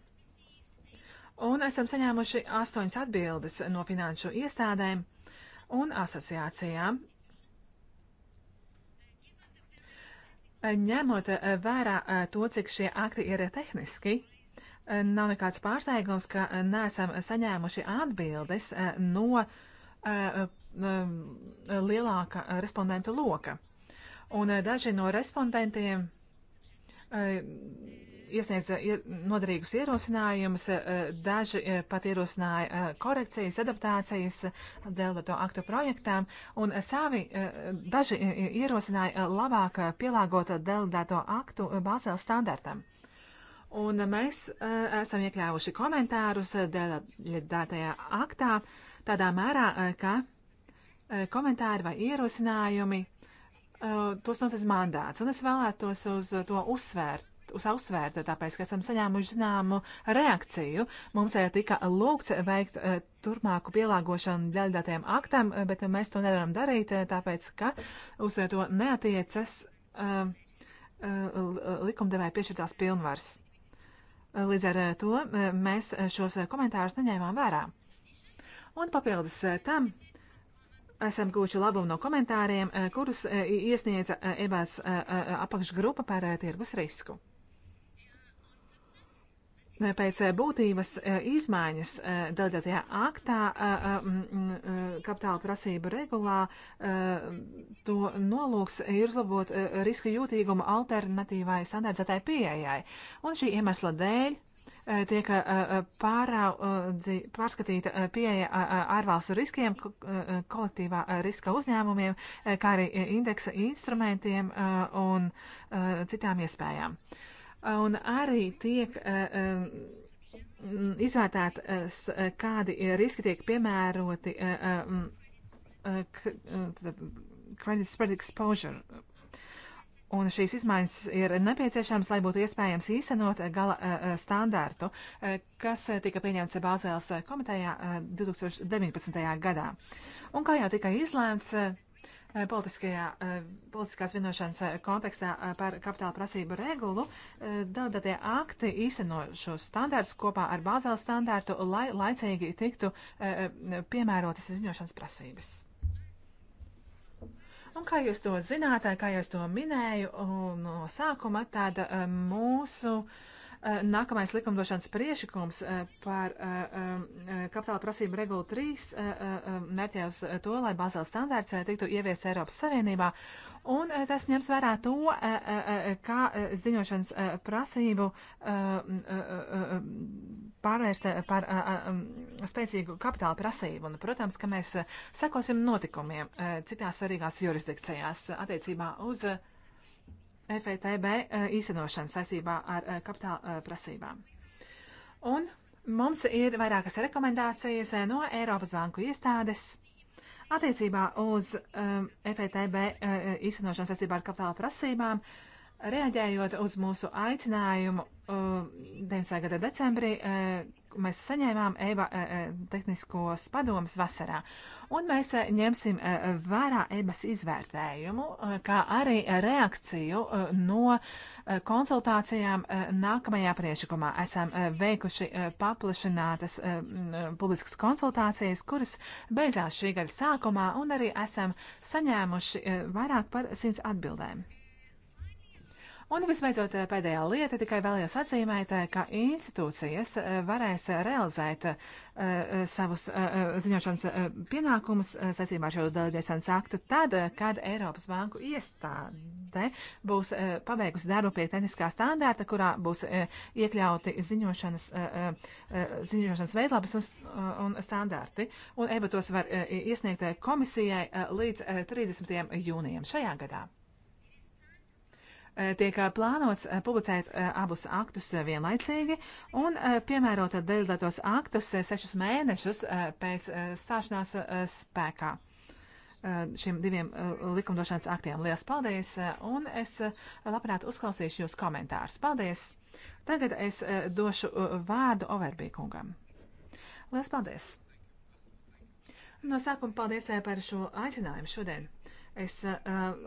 Un esam saņēmuši astoņas atbildes no finanšu iestādēm un asociācijām. Ņemot vērā to, cik šie akti ir tehniski, nav nekāds pārsteigums, ka neesam saņēmuši atbildes no uh, lielāka respondentu loka. Un daži no respondentiem iesniedza noderīgus ierosinājumus, daži pat ierosināja korekcijas, adaptācijas Delvato aktu projektām, un savi daži ierosināja labāk pielāgot Delvato aktu Bāzēla standartam. Un mēs esam iekļāvuši komentārus Delvatajā aktā. Uh, tādā mērā, e, ka e, komentāri vai ierosinājumi e, tos nosacīs mandāts. Un es vēlētos uz to uzsvērt. Uz uzsvērta, tāpēc, ka esam saņēmuši zināmu reakciju. Mums tika lūgts veikt turpmāku pielāgošanu daļdatiem aktam, bet mēs to nevaram darīt, tāpēc, ka uz to neatiecas uh, likumdevēja piešķirtās pilnvars. Līdz ar to mēs šos komentārus neņēmām vērā. Un papildus eh, tam esam gūši labumu no komentāriem, eh, kurus eh, iesniedza EBAS apakšgrupa par tirgus risku. Pēc būtības izmaiņas delegētajā aktā kapitāla prasību regulā to nolūks ir uzlabot riska jūtīgumu alternatīvai standartizētai pieejai. Un šī iemesla dēļ Eh, tiek eh, eh, pāraudzi, pārskatīta pieeja ārvalstu riskiem, kolektīvā riska uzņēmumiem, kā arī indeksa instrumentiem un citām iespējām. Un arī tiek izvērtētas, kādi riski tiek piemēroti credit spread exposure Un šīs izmaiņas ir nepieciešamas, lai būtu iespējams īstenot gala eh, eh, standārtu, eh, kas tika pieņemts Bāzēlas komitejā 2019. gadā. Un kā jau tika izlēmts, politiskās vienošanas kontekstā par kapitāla prasību regulu, daudzētie akti īseno šos standārtus kopā ar Bāzēlas standārtu, lai laicīgi tiktu piemērotas ziņošanas prasības. Un kā jūs to zināt, kā jau es to minēju no sākuma, tāda eh, mūsu uh, Eh, nākamais likumdošanas priešakums eh, par eh, kapitāla prasību regulu 3 mērķē uz to, lai Bāzela standārts tiktu ieviests Eiropas Savienībā, un tas ņems vērā to, kā ziņošanas prasību pārvērst par spēcīgu kapitāla prasību. Un, protams, ka mēs sekosim notikumiem citās svarīgās jurisdikcijās attiecībā uz. Uh, FETB eh, īstenošanu saistībā ar eh, kapitāla eh, prasībām. Un mums ir vairākas rekomendācijas no Eiropas banku iestādes attiecībā uz FETB īstenošanu saistībā ar kapitāla prasībām. Reaģējot uz mūsu aicinājumu 19. gada decembrī mēs saņēmām EBA e, e, tehniskos padomus vasarā, un mēs e, ņemsim vērā EBAS izvērtējumu, kā arī reakciju no konsultācijām nākamajā priekšlikumā. Esam veikuši paplašinātas publiskas konsultācijas, kuras beidzās šī gada sākumā, un arī esam saņēmuši vairāk par simts atbildēm. Un visbeidzot, eh, pēdējā lieta tikai vēlējos atzīmēt, eh, ka institūcijas eh, varēs realizēt uh, savus uh, ziņošanas uh, pienākumus saistībā ar šo delegēšanas aktu tad, kad Eiropas banku iestāde būs pabeigusi darbu pie tehniskā standārta, kurā būs iekļauti ziņošanas, ziņošanas veidlapas un, un standārti. Un EBA tos var iesniegt komisijai līdz 30. jūnijam šajā gadā. Eh, tiek eh, plānots eh, publicēt abus aktus vienlaicīgi un piemērot delegētos aktus sešus mēnešus pēc stāšanās spēkā šiem diviem likumdošanas aktiem. Lielas paldies, un es labprāt uzklausīšu jūs komentārus. Paldies! Tagad es došu vārdu Overbīkungam. Lielas paldies! No sākuma paldies par šo aicinājumu šodien! Es uh,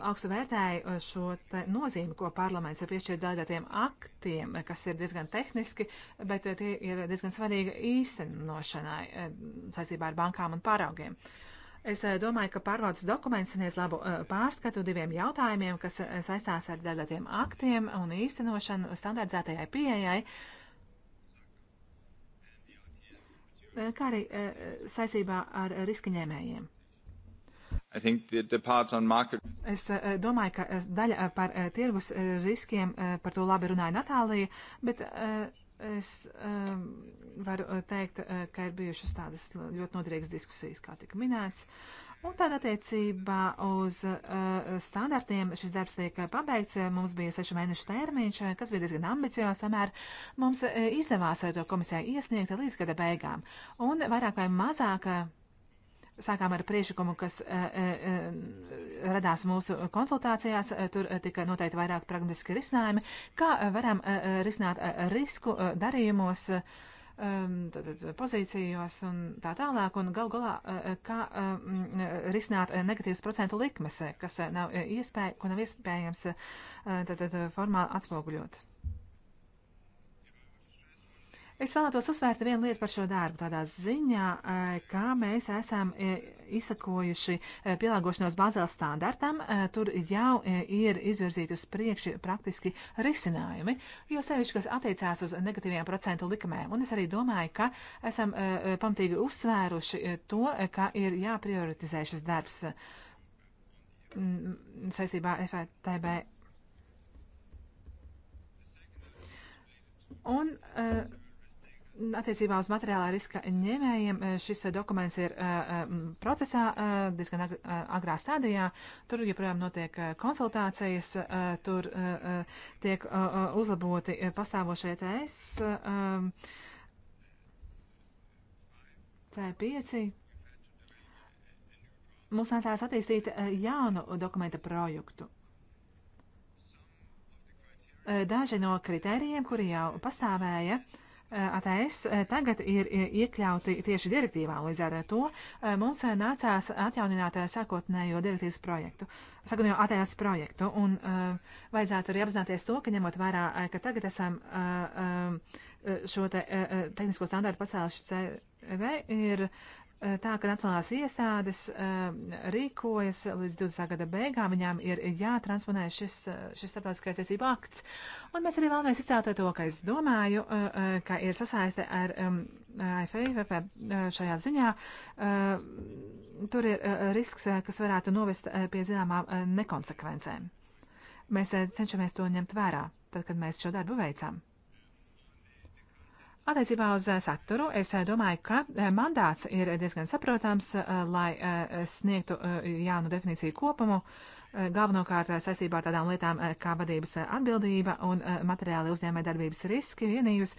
augstu vērtēju eh, šo nozīmi, ko parlaments ir piešķīris dažādiem aktiem, kas ir diezgan tehniski, bet eh, tie ir diezgan svarīgi īstenošanai uh, saistībā ar bankām un pāraugiem. Es uh, domāju, ka pārvaldes dokuments sniedz labu uh, pārskatu diviem jautājumiem, kas uh, saistās ar dažādiem aktiem un īstenošanu standardizētajai pieejai. Uh, kā arī saistībā ar riska ņēmējiem. Es eh, eh, domāju, ka eh, daļa par tirgus riskiem par to labi runāja Natālija, bet es varu teikt, ka ir bijušas tādas ļoti noderīgas diskusijas, kā tika minēts. Un tādā attiecībā uz standartiem šis darbs tiek pabeigts. Mums bija sešu mēnešu termiņš, kas bija diezgan ambiciozs, tomēr mums izdevās to komisijai iesniegt līdz gada beigām. Un vairāk vai mazāk sākām ar priekšlikumu, kas eh, eh, eh, radās mūsu konsultācijās. Tur tika noteikti vairāk pragmatiski risinājumi. Kā varam risināt risku darījumos, ehm, pozīcijos un tā tālāk, un gal galā, kā ehm, risināt negatīvas procentu likmes, kas nav iespēja, ko nav iespējams formāli atspoguļot. Es vēlētos uzsvērt vienu lietu par šo darbu, tādā ziņā, e, kā mēs esam e, izsakojuši e, pielāgošanos bāzēlas standartam. Tur jau ir izvirzīti uz priekšu praktiski risinājumi, jo sevišķi, kas attiecās uz negatīviem procentu likmēm. Un es arī domāju, ka esam pamatīgi uzsvēruši to, ka ir jāprioritizē šis darbs saistībā FATB. Un uh, Attiecībā uz materiālā riska ņēmējiem eh, šis eh, dokuments ir eh, procesā, diezgan agrā stadijā. Tur joprojām notiek konsultācijas, tur tiek uzlaboti pastāvošie TS, C5. Mums nācās attīstīt jaunu dokumenta projektu. Daži no kritērijiem, kuri jau pastāvēja, uh, ATS eh, tagad ir eh, iekļauti tieši direktīvā, līdz ar eh, to mums nācās atjaunināt sākotnējo direktīvas projektu, sākotnējo ATS projektu, un vajadzētu arī apzināties to, ka ņemot vērā, ka tagad esam šo te tehnisko standārtu pacēluši CV, ir Eh, tā, ka nacionālās iestādes eh, rīkojas līdz 20. gada beigām, viņām ir jātransponē šis, eh, šis starptautiskais tiesība akts. Un mēs arī vēlamies izcelt to, ka es domāju, ka ir sasaiste ar AFIVP šajā ziņā. Tur ir risks, kas varētu novest pie zināmām nekonsekvencēm. Mēs cenšamies to ņemt vērā, tad, kad mēs šo darbu veicam. Attiecībā uz eh, saturu es eh, domāju, ka eh, mandāts ir diezgan saprotams, lai sniegtu jaunu definīciju kopumu, galvenokārt saistībā ar tādām lietām kā vadības atbildība un materiāli uzņēmē darbības riski vienības.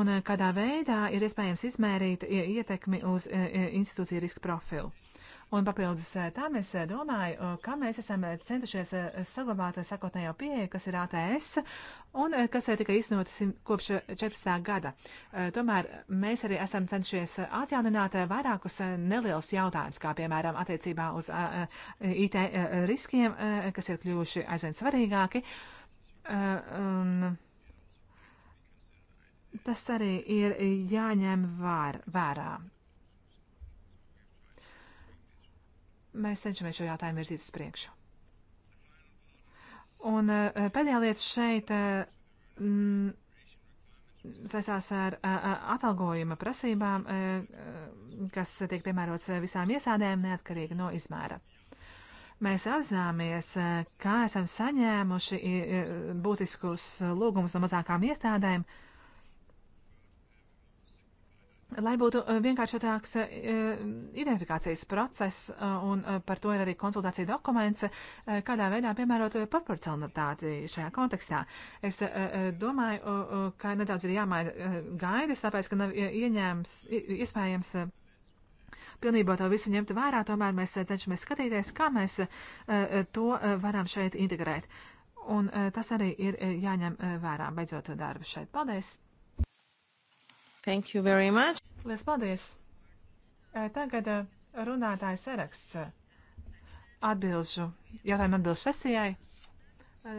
Un kādā veidā ir iespējams izmērīt ietekmi uz institūciju riska profilu. Un papildus eh, tam es eh, domāju, eh, ka mēs esam centušies saglabāt sakotnējo pieeju, kas ir ATS un kas tika iznota kopš 14. gada. Tomēr mēs arī esam centušies atjaunināt vairākus nelielus jautājumus, kā piemēram attiecībā uz IT riskiem, kas ir kļuvuši aizvien svarīgāki. Un tas arī ir jāņem vār, vērā. mēs cenšamies šo jautājumu virzīt uz priekšu. Un eh, pēdējā lieta šeit eh, m, saistās ar atalgojuma prasībām, eh, kas tiek piemērots visām iesādēm neatkarīgi no izmēra. Mēs apzināmies, kā esam saņēmuši būtiskus lūgumus no mazākām iestādēm, uh, Lai būtu eh, vienkāršotāks eh, identifikācijas process, eh, un par to ir arī konsultācija dokuments, kādā veidā piemērot proporcionalitāti šajā kontekstā. Es domāju, ka nedaudz ir jāmaina gaidas, tāpēc, ka nav ieņēms, iespējams pilnībā to visu ņemt vērā, tomēr mēs cenšamies skatīties, kā mēs to varam šeit integrēt. Un tas arī ir jāņem vērā, beidzot darbu šeit. Paldies! Thank you very much. Lies paldies. Tagad runātāja saraksts atbilžu, jautājumu atbilžu sesijai.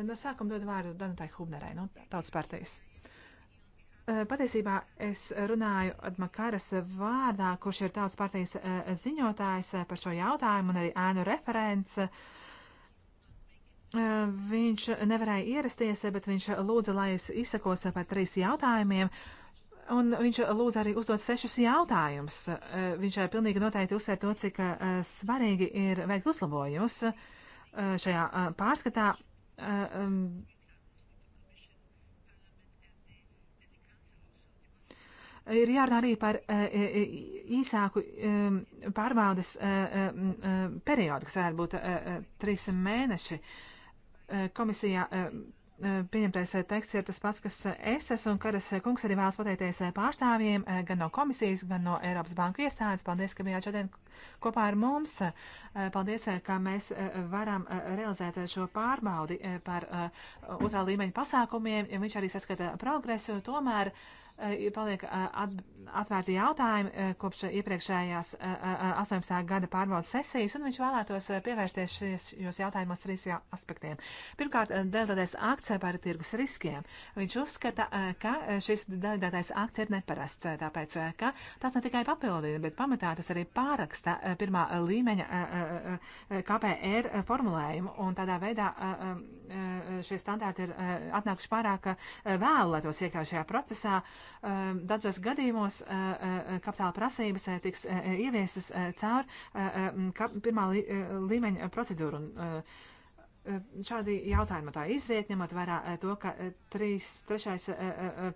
No sākuma dod vārdu Danutai Hubnerai no Tautas partijas. Patiesībā es runāju Admakaras vārdā, kurš ir Tautas partijas ziņotājs par šo jautājumu un arī ēnu referents. Viņš nevarēja ierasties, bet viņš lūdza, lai es izsakos par trīs jautājumiem. Uh, Un viņš lūdza arī uzdot sešus jautājumus. Eh, viņš arī eh, pilnīgi noteikti uzsver to, cik eh, svarīgi ir veikt uzlabojumus šajā pārskatā. ir jārunā arī par īsāku pārbaudas periodu, kas varētu būt trīs mēneši. Komisijā pieņemtais teksts ir tas pats, kas es esmu, un Karas kungs arī vēlas pateikties pārstāvjiem gan no komisijas, gan no Eiropas banku iestādes. Paldies, ka bijāt šodien kopā ar mums. Paldies, ka mēs varam realizēt šo pārbaudi par otrā līmeņa pasākumiem. Viņš arī saskata progresu, tomēr. Uh, Eh, paliek eh, atvērti jautājumi eh, kopš iepriekšējās 18. gada pārbaudas sesijas, un viņš vēlētos pievērsties šajos jautājumos trīs aspektiem. Pirmkārt, delegētais akts par tirgus riskiem. Viņš uzskata, ka šis delegētais akts ir neparasts, tāpēc, ka tas ne tikai papildina, bet pamatā tas arī pāraksta pirmā līmeņa KPR formulējumu, un tādā veidā šie standarti ir atnākuši pārāk vēlu, lai tos iekļautu šajā procesā. Uh, Um, daudzos gadījumos uh, uh, kapitāla prasības tiks ieviesas caur pirmā līmeņa procedūru. Uh, šādi jautājumi tā izriet, ņemot vērā to, ka 3, 3,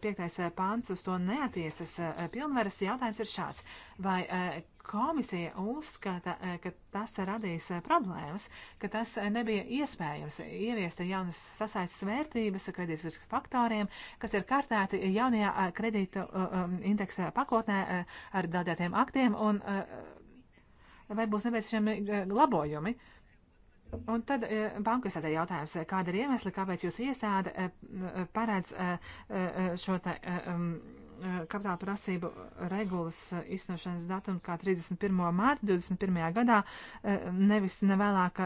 5 pāns uz to neatiecas pilnvaras, jautājums ir šāds. Vai komisija uzskata, eh, ka tas radīs eh, problēmas, ka tas eh, nebija iespējams ieviest jaunas sasaistes vērtības kredītrisku faktoriem, kas ir kartēti jaunajā kredītu um, indeksa pakotnē ar dādētiem aktiem, un vai būs nepieciešami labojumi. Un tad banka iestādē jautājums, kāda ir iemesli, kāpēc jūsu iestāde paredz šo te. Um, Eh, kapitāla prasību regulas eh, izsniegšanas datumu kā 31. mārtu 21. gadā, eh, nevis nevēlāk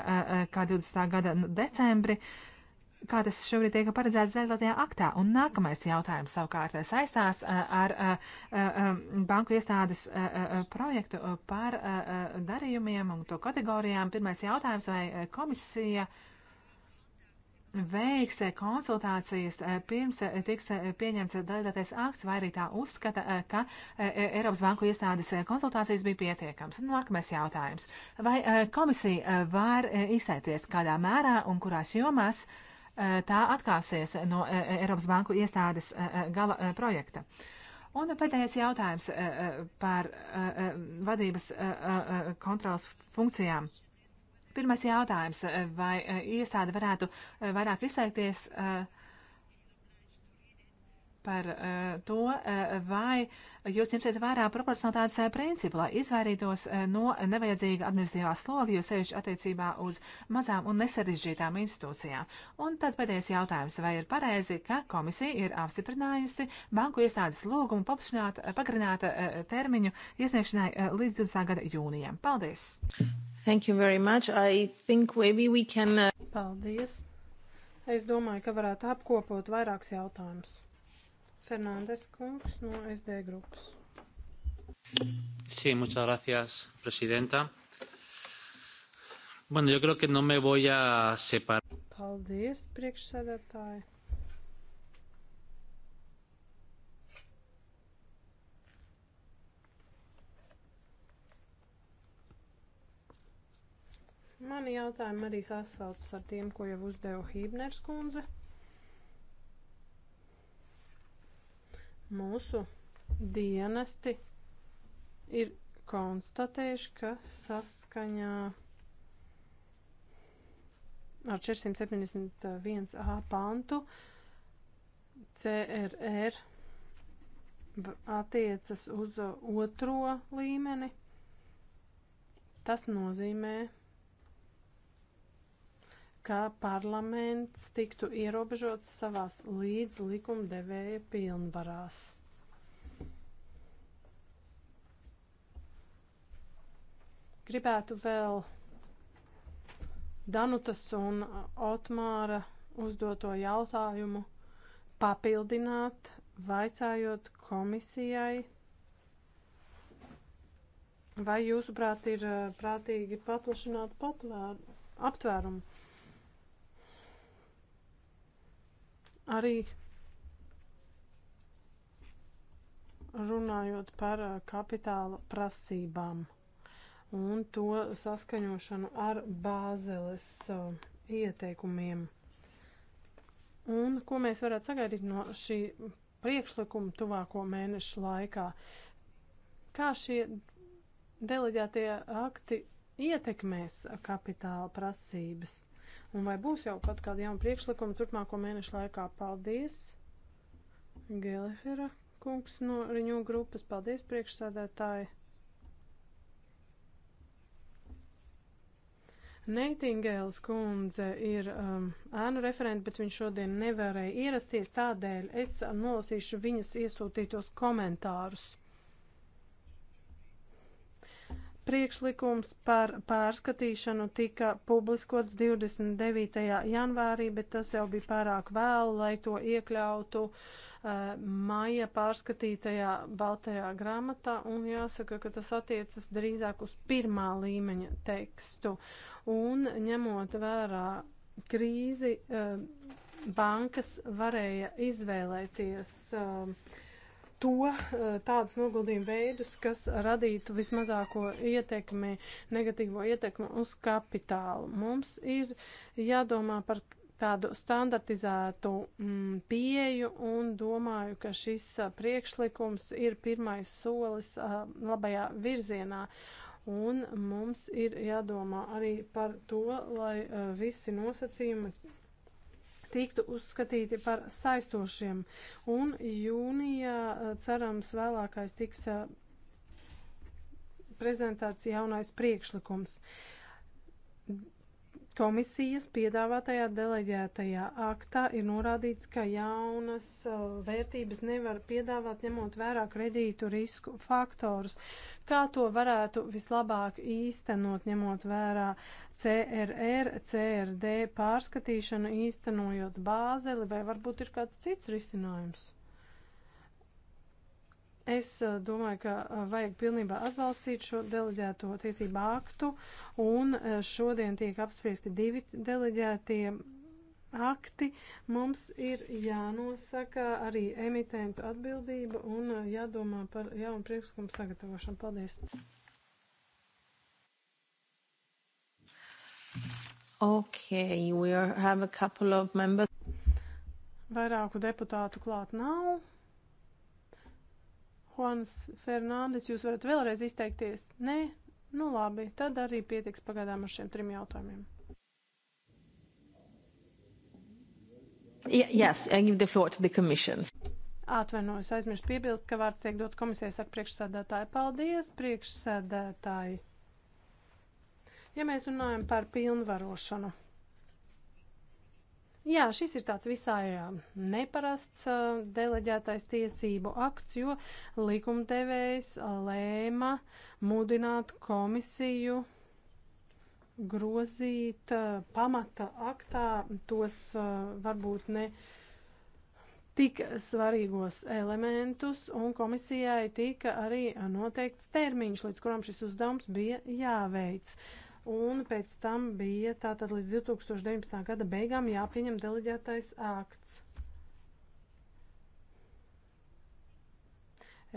kā 20. gada nu, decembri, kā tas šobrīd tiek paredzēts dēļotajā aktā. Un nākamais jautājums savukārt saistās ar banku iestādes projektu par darījumiem un to kategorijām. Pirmais jautājums, vai komisija. Uh, veiks eh, konsultācijas eh, pirms eh, tiks pieņemts daļratais akts, vai arī tā uzskata, ka Eiropas Banku iestādes konsultācijas bija pietiekams. Nu, nākamais jautājums. Vai komisija var izteikties kādā mērā un kurās jomās tā atkāpsies no Eiropas Banku iestādes gala projekta? Un pēdējais jautājums par vadības kontrolas funkcijām Pirmais jautājums, eh, vai eh, iestāde varētu eh, vairāk izteikties par to, vai jūs ņemsiet vērā proporcionalitātes principu, lai izvairītos no nevajadzīga administratīvā sloga, jo sevišķi attiecībā uz mazām un nesarežģītām institūcijām. Un tad pēdējais jautājums, vai ir pareizi, ka komisija ir apstiprinājusi banku iestādes lūgumu paplašināt, pagarināt termiņu iesniegšanai līdz 20. gada jūnijam. Paldies! Mm. Thank you very much. I think maybe we can. Uh... Paldies. Es domāju, ka varētu apkopot vairākus jautājumus. Fernandes kungs no SD grupas. Sí, muchas gracias, presidenta. Bueno, yo creo que no me voy a separar. Paldies, priekšsēdētāji. Mani jautājumi arī sasaucas ar tiem, ko jau uzdeva Hībners kundze. Mūsu dienesti ir konstatējuši, ka saskaņā ar 471a pantu CRR attiecas uz otro līmeni. Tas nozīmē, ka parlaments tiktu ierobežots savās līdz likumdevēja pilnvarās. Gribētu vēl Danutas un Otmāra uzdoto jautājumu papildināt, vaicājot komisijai, vai jūsuprāt ir eh, prātīgi paplašināt patvēr, aptvērumu. Arī runājot par eh, kapitāla prasībām un to saskaņošanu ar bāzeles eh, ieteikumiem. Un ko mēs varētu sagaidīt no šī priekšlikuma tuvāko mēnešu laikā? Kā šie deleģētie akti ietekmēs kapitāla prasības? Un vai būs jau kaut kādi jauni priekšlikumi turpmāko mēnešu laikā? Paldies, Gelehera kungs no Riņu grupas. Paldies, priekšsēdētāji. Neitingēls kundze ir um, ēnu referenti, bet viņš šodien nevarēja ierasties, tādēļ es nolasīšu viņas iesūtītos komentārus. priekšlikums par pārskatīšanu tika publiskots 29. janvārī, bet tas jau bija pārāk vēlu, lai to iekļautu uh, maija pārskatītajā baltajā grāmatā, un jāsaka, ka tas attiecas drīzāk uz pirmā līmeņa tekstu. Un ņemot vērā krīzi, uh, bankas varēja izvēlēties uh, to eh, tādus noguldījumu veidus, kas radītu vismazāko ietekmi, negatīvo ietekmi uz kapitālu. Mums ir jādomā par tādu standartizētu mm, pieju un domāju, ka šis eh, priekšlikums ir pirmais solis a, eh, labajā virzienā. Un mums ir jādomā arī par to, lai a, visi nosacījumi tiktu uzskatīti par saistošiem. Un jūnijā eh, cerams vēlākais tiks eh, prezentēts jaunais priekšlikums. Uh, Komisijas piedāvātajā deleģētajā aktā ir norādīts, ka jaunas uh, vērtības nevar piedāvāt ņemot vērā kredītu risku faktorus. Kā to varētu vislabāk īstenot, ņemot vērā CRR, CRD pārskatīšanu, īstenojot bāzeli, vai varbūt ir kāds cits risinājums? Es eh, domāju, ka eh, vajag pilnībā atbalstīt šo deleģēto tiesību aktu, un eh, šodien tiek apspriesti divi deleģētie akti. Mums ir jānosaka arī emitentu atbildība un jādomā par jaunu priekšlikumu sagatavošanu. Paldies! Okay, we are, have a couple of members. Vairāku deputātu klāt nav. Juans Fernandes, jūs varat vēlreiz izteikties? Nē? Nu labi, tad arī pietiks pagaidām ar šiem trim jautājumiem. Yes, I give the floor to the commission. Atvainojos, aizmirsu piebilst, ka vārds tiek dots komisijai, saka priekšsēdētāji. Paldies, priekšsēdētāji. Ja mēs runājam par pilnvarošanu, Jā, šis ir tāds visai neparasts deleģētais tiesību akts, jo likumdevējs lēma mudināt komisiju grozīt pamata aktā tos varbūt ne tik svarīgos elementus, un komisijai tika arī noteikts termiņš, līdz kuram šis uzdevums bija jāveic un pēc tam bija tātad līdz 2019. gada beigām jāpieņem deleģētais akts.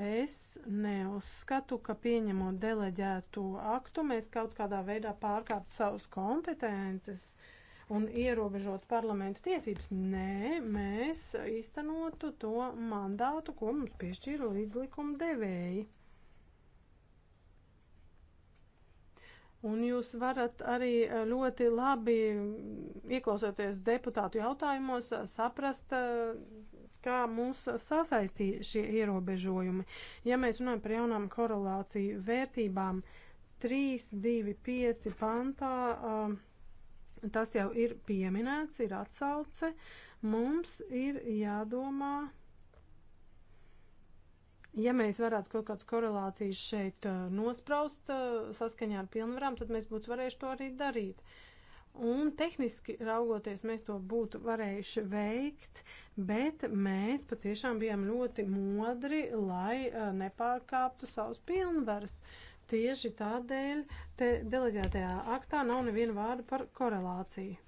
Es neuzskatu, ka pieņemot deleģētu aktu mēs kaut kādā veidā pārkāptu savus kompetences un ierobežot parlamenta tiesības. Nē, mēs īstenotu to mandātu, ko mums piešķīra līdzlikuma devēji. Un jūs varat arī eh, ļoti labi mm, ieklausoties deputātu jautājumos, eh, saprast, eh, kā mūs sasaistīja šie ierobežojumi. Ja mēs runājam par jaunām korelāciju vērtībām, 3, 2, 5 pantā. Uh, Tas jau ir pieminēts, ir atsauce. Mums ir jādomā Ja mēs varētu kaut kādas korelācijas šeit uh, nospraust uh, saskaņā ar pilnvarām, tad mēs būtu varējuši to arī darīt. Un tehniski raugoties, mēs to būtu varējuši veikt, bet mēs patiešām bijām ļoti modri, lai uh, nepārkāptu savus pilnvaras. Tieši tādēļ te deleģētajā aktā nav neviena vārda par korelāciju.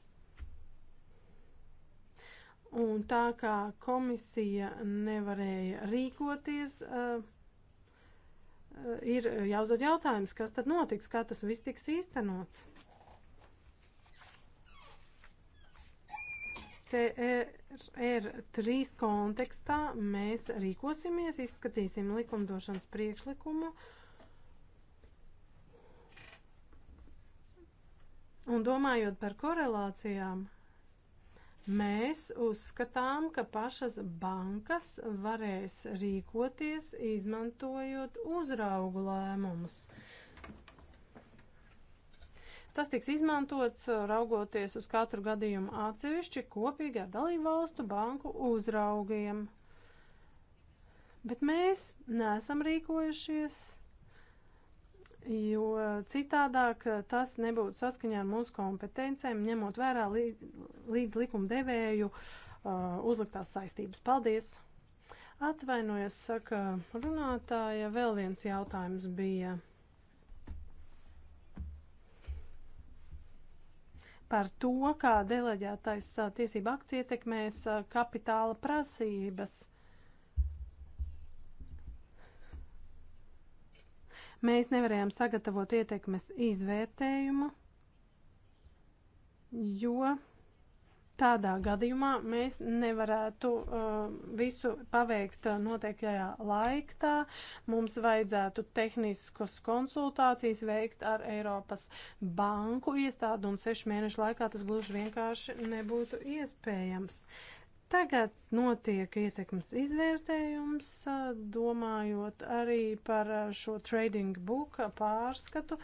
Un tā kā komisija nevarēja rīkoties, eh, eh, ir jāuzdod jautājums, kas tad notiks, kā tas viss tiks īstenots. CRR3 kontekstā mēs rīkosimies, izskatīsim likumdošanas priekšlikumu un domājot par korelācijām. Mēs uzskatām, ka pašas bankas varēs rīkoties, izmantojot uzraugu lēmumus. Tas tiks izmantots raugoties uz katru gadījumu atsevišķi kopīgi ar dalībvalstu banku uzraugiem. Bet mēs neesam rīkojušies jo citādāk tas nebūtu saskaņā ar mūsu kompetencēm, ņemot vērā līdz likumdevēju uh, uzliktās saistības. Paldies! Atvainojos, saka runātāja, vēl viens jautājums bija par to, kā deleģētais uh, tiesība akcija ietekmēs uh, kapitāla prasības. Mēs nevarējām sagatavot ietekmes izvērtējumu, jo tādā gadījumā mēs nevarētu uh, visu paveikt uh, noteiktajā laiktā. Mums vajadzētu tehniskas konsultācijas veikt ar Eiropas banku iestādu, un sešu mēnešu laikā tas gluži vienkārši nebūtu iespējams. Uh, Tagad notiek ietekmes izvērtējums, domājot arī par šo trading book pārskatu,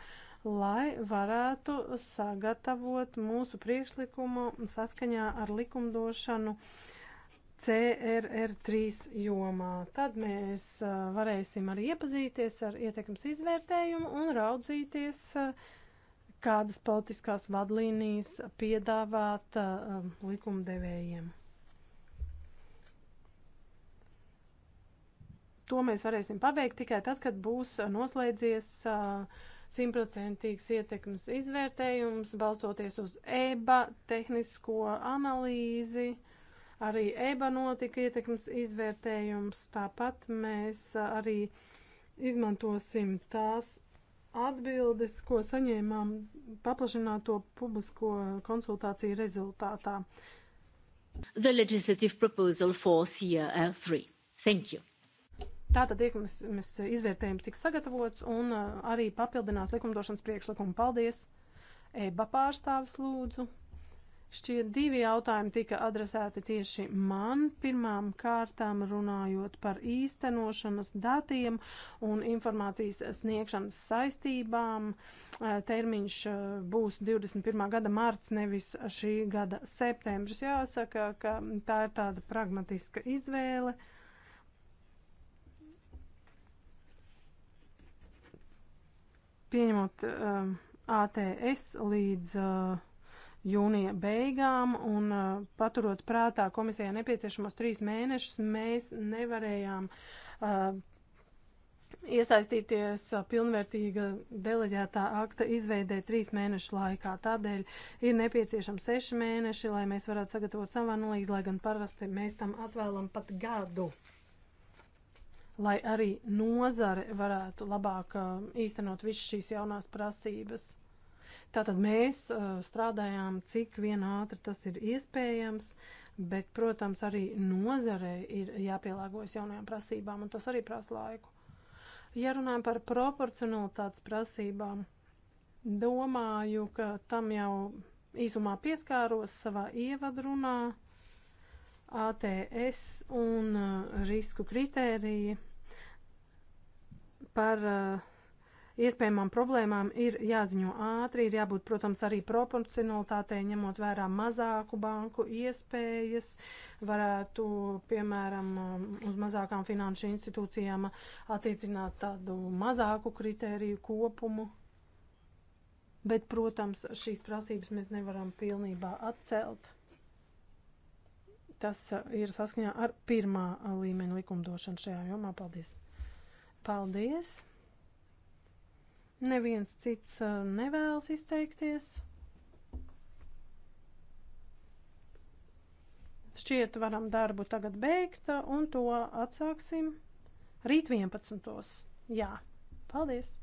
lai varētu sagatavot mūsu priekšlikumu saskaņā ar likumdošanu CRR3 jomā. Tad mēs varēsim arī iepazīties ar ietekmes izvērtējumu un raudzīties, kādas politiskās vadlīnijas piedāvāt likumdevējiem. to mēs varēsim paveikt tikai tad, kad būs noslēdzies simtprocentīgs ietekmes izvērtējums, balstoties uz EBA tehnisko analīzi. Arī EBA notika ietekmes izvērtējums, tāpat mēs arī izmantosim tās atbildes, ko saņēmām paplašināto publisko konsultāciju rezultātā. The legislative proposal for CRL3. Thank you. Tātad ietekmes izvērtējums tiks sagatavots un uh, arī papildinās likumdošanas priekšlikumu. Paldies! EBA pārstāvis lūdzu. Šķiet, divi jautājumi tika adresēti tieši man, pirmām kārtām runājot par īstenošanas datiem un informācijas sniegšanas saistībām. Uh, termiņš uh, būs 21. gada marts, nevis šī gada septembris. Jāsaka, ka tā ir tāda pragmatiska izvēle. Uh, pieņemot um, ATS līdz uh, jūnija beigām un uh, paturot prātā komisijā nepieciešamos trīs mēnešus, mēs nevarējām uh, iesaistīties uh, pilnvērtīga deleģētā akta izveidē trīs mēnešu laikā. Tādēļ ir nepieciešams seši mēneši, lai mēs varētu sagatavot savu analīzi, lai gan parasti mēs tam atvēlam pat gadu lai arī nozare varētu labāk um, īstenot visas šīs jaunās prasības. Tātad mēs uh, strādājām, cik vien ātri tas ir iespējams, bet, protams, arī nozarei ir jāpielāgojas jaunajām prasībām, un tas arī prasa laiku. Ja runājam par proporcionalitātes prasībām, domāju, ka tam jau īsumā pieskāros savā ievadrunā. ATS un uh, risku kritērija par uh, iespējamām problēmām ir jāziņo ātri, ir jābūt, protams, arī proporcionalitātei, ņemot vērā mazāku banku iespējas, varētu, piemēram, eh, uz mazākām finanšu institūcijām attiecināt tādu mazāku kritēriju kopumu. Bet, protams, šīs prasības mēs nevaram pilnībā atcelt. Tas eh, ir saskaņā ar pirmā līmeņa likumdošanu šajā jomā. Paldies! Paldies! Neviens cits uh, nevēlas izteikties. Šķiet, varam darbu tagad beigt, uh, un to atsāksim rīt 11. Jā, paldies!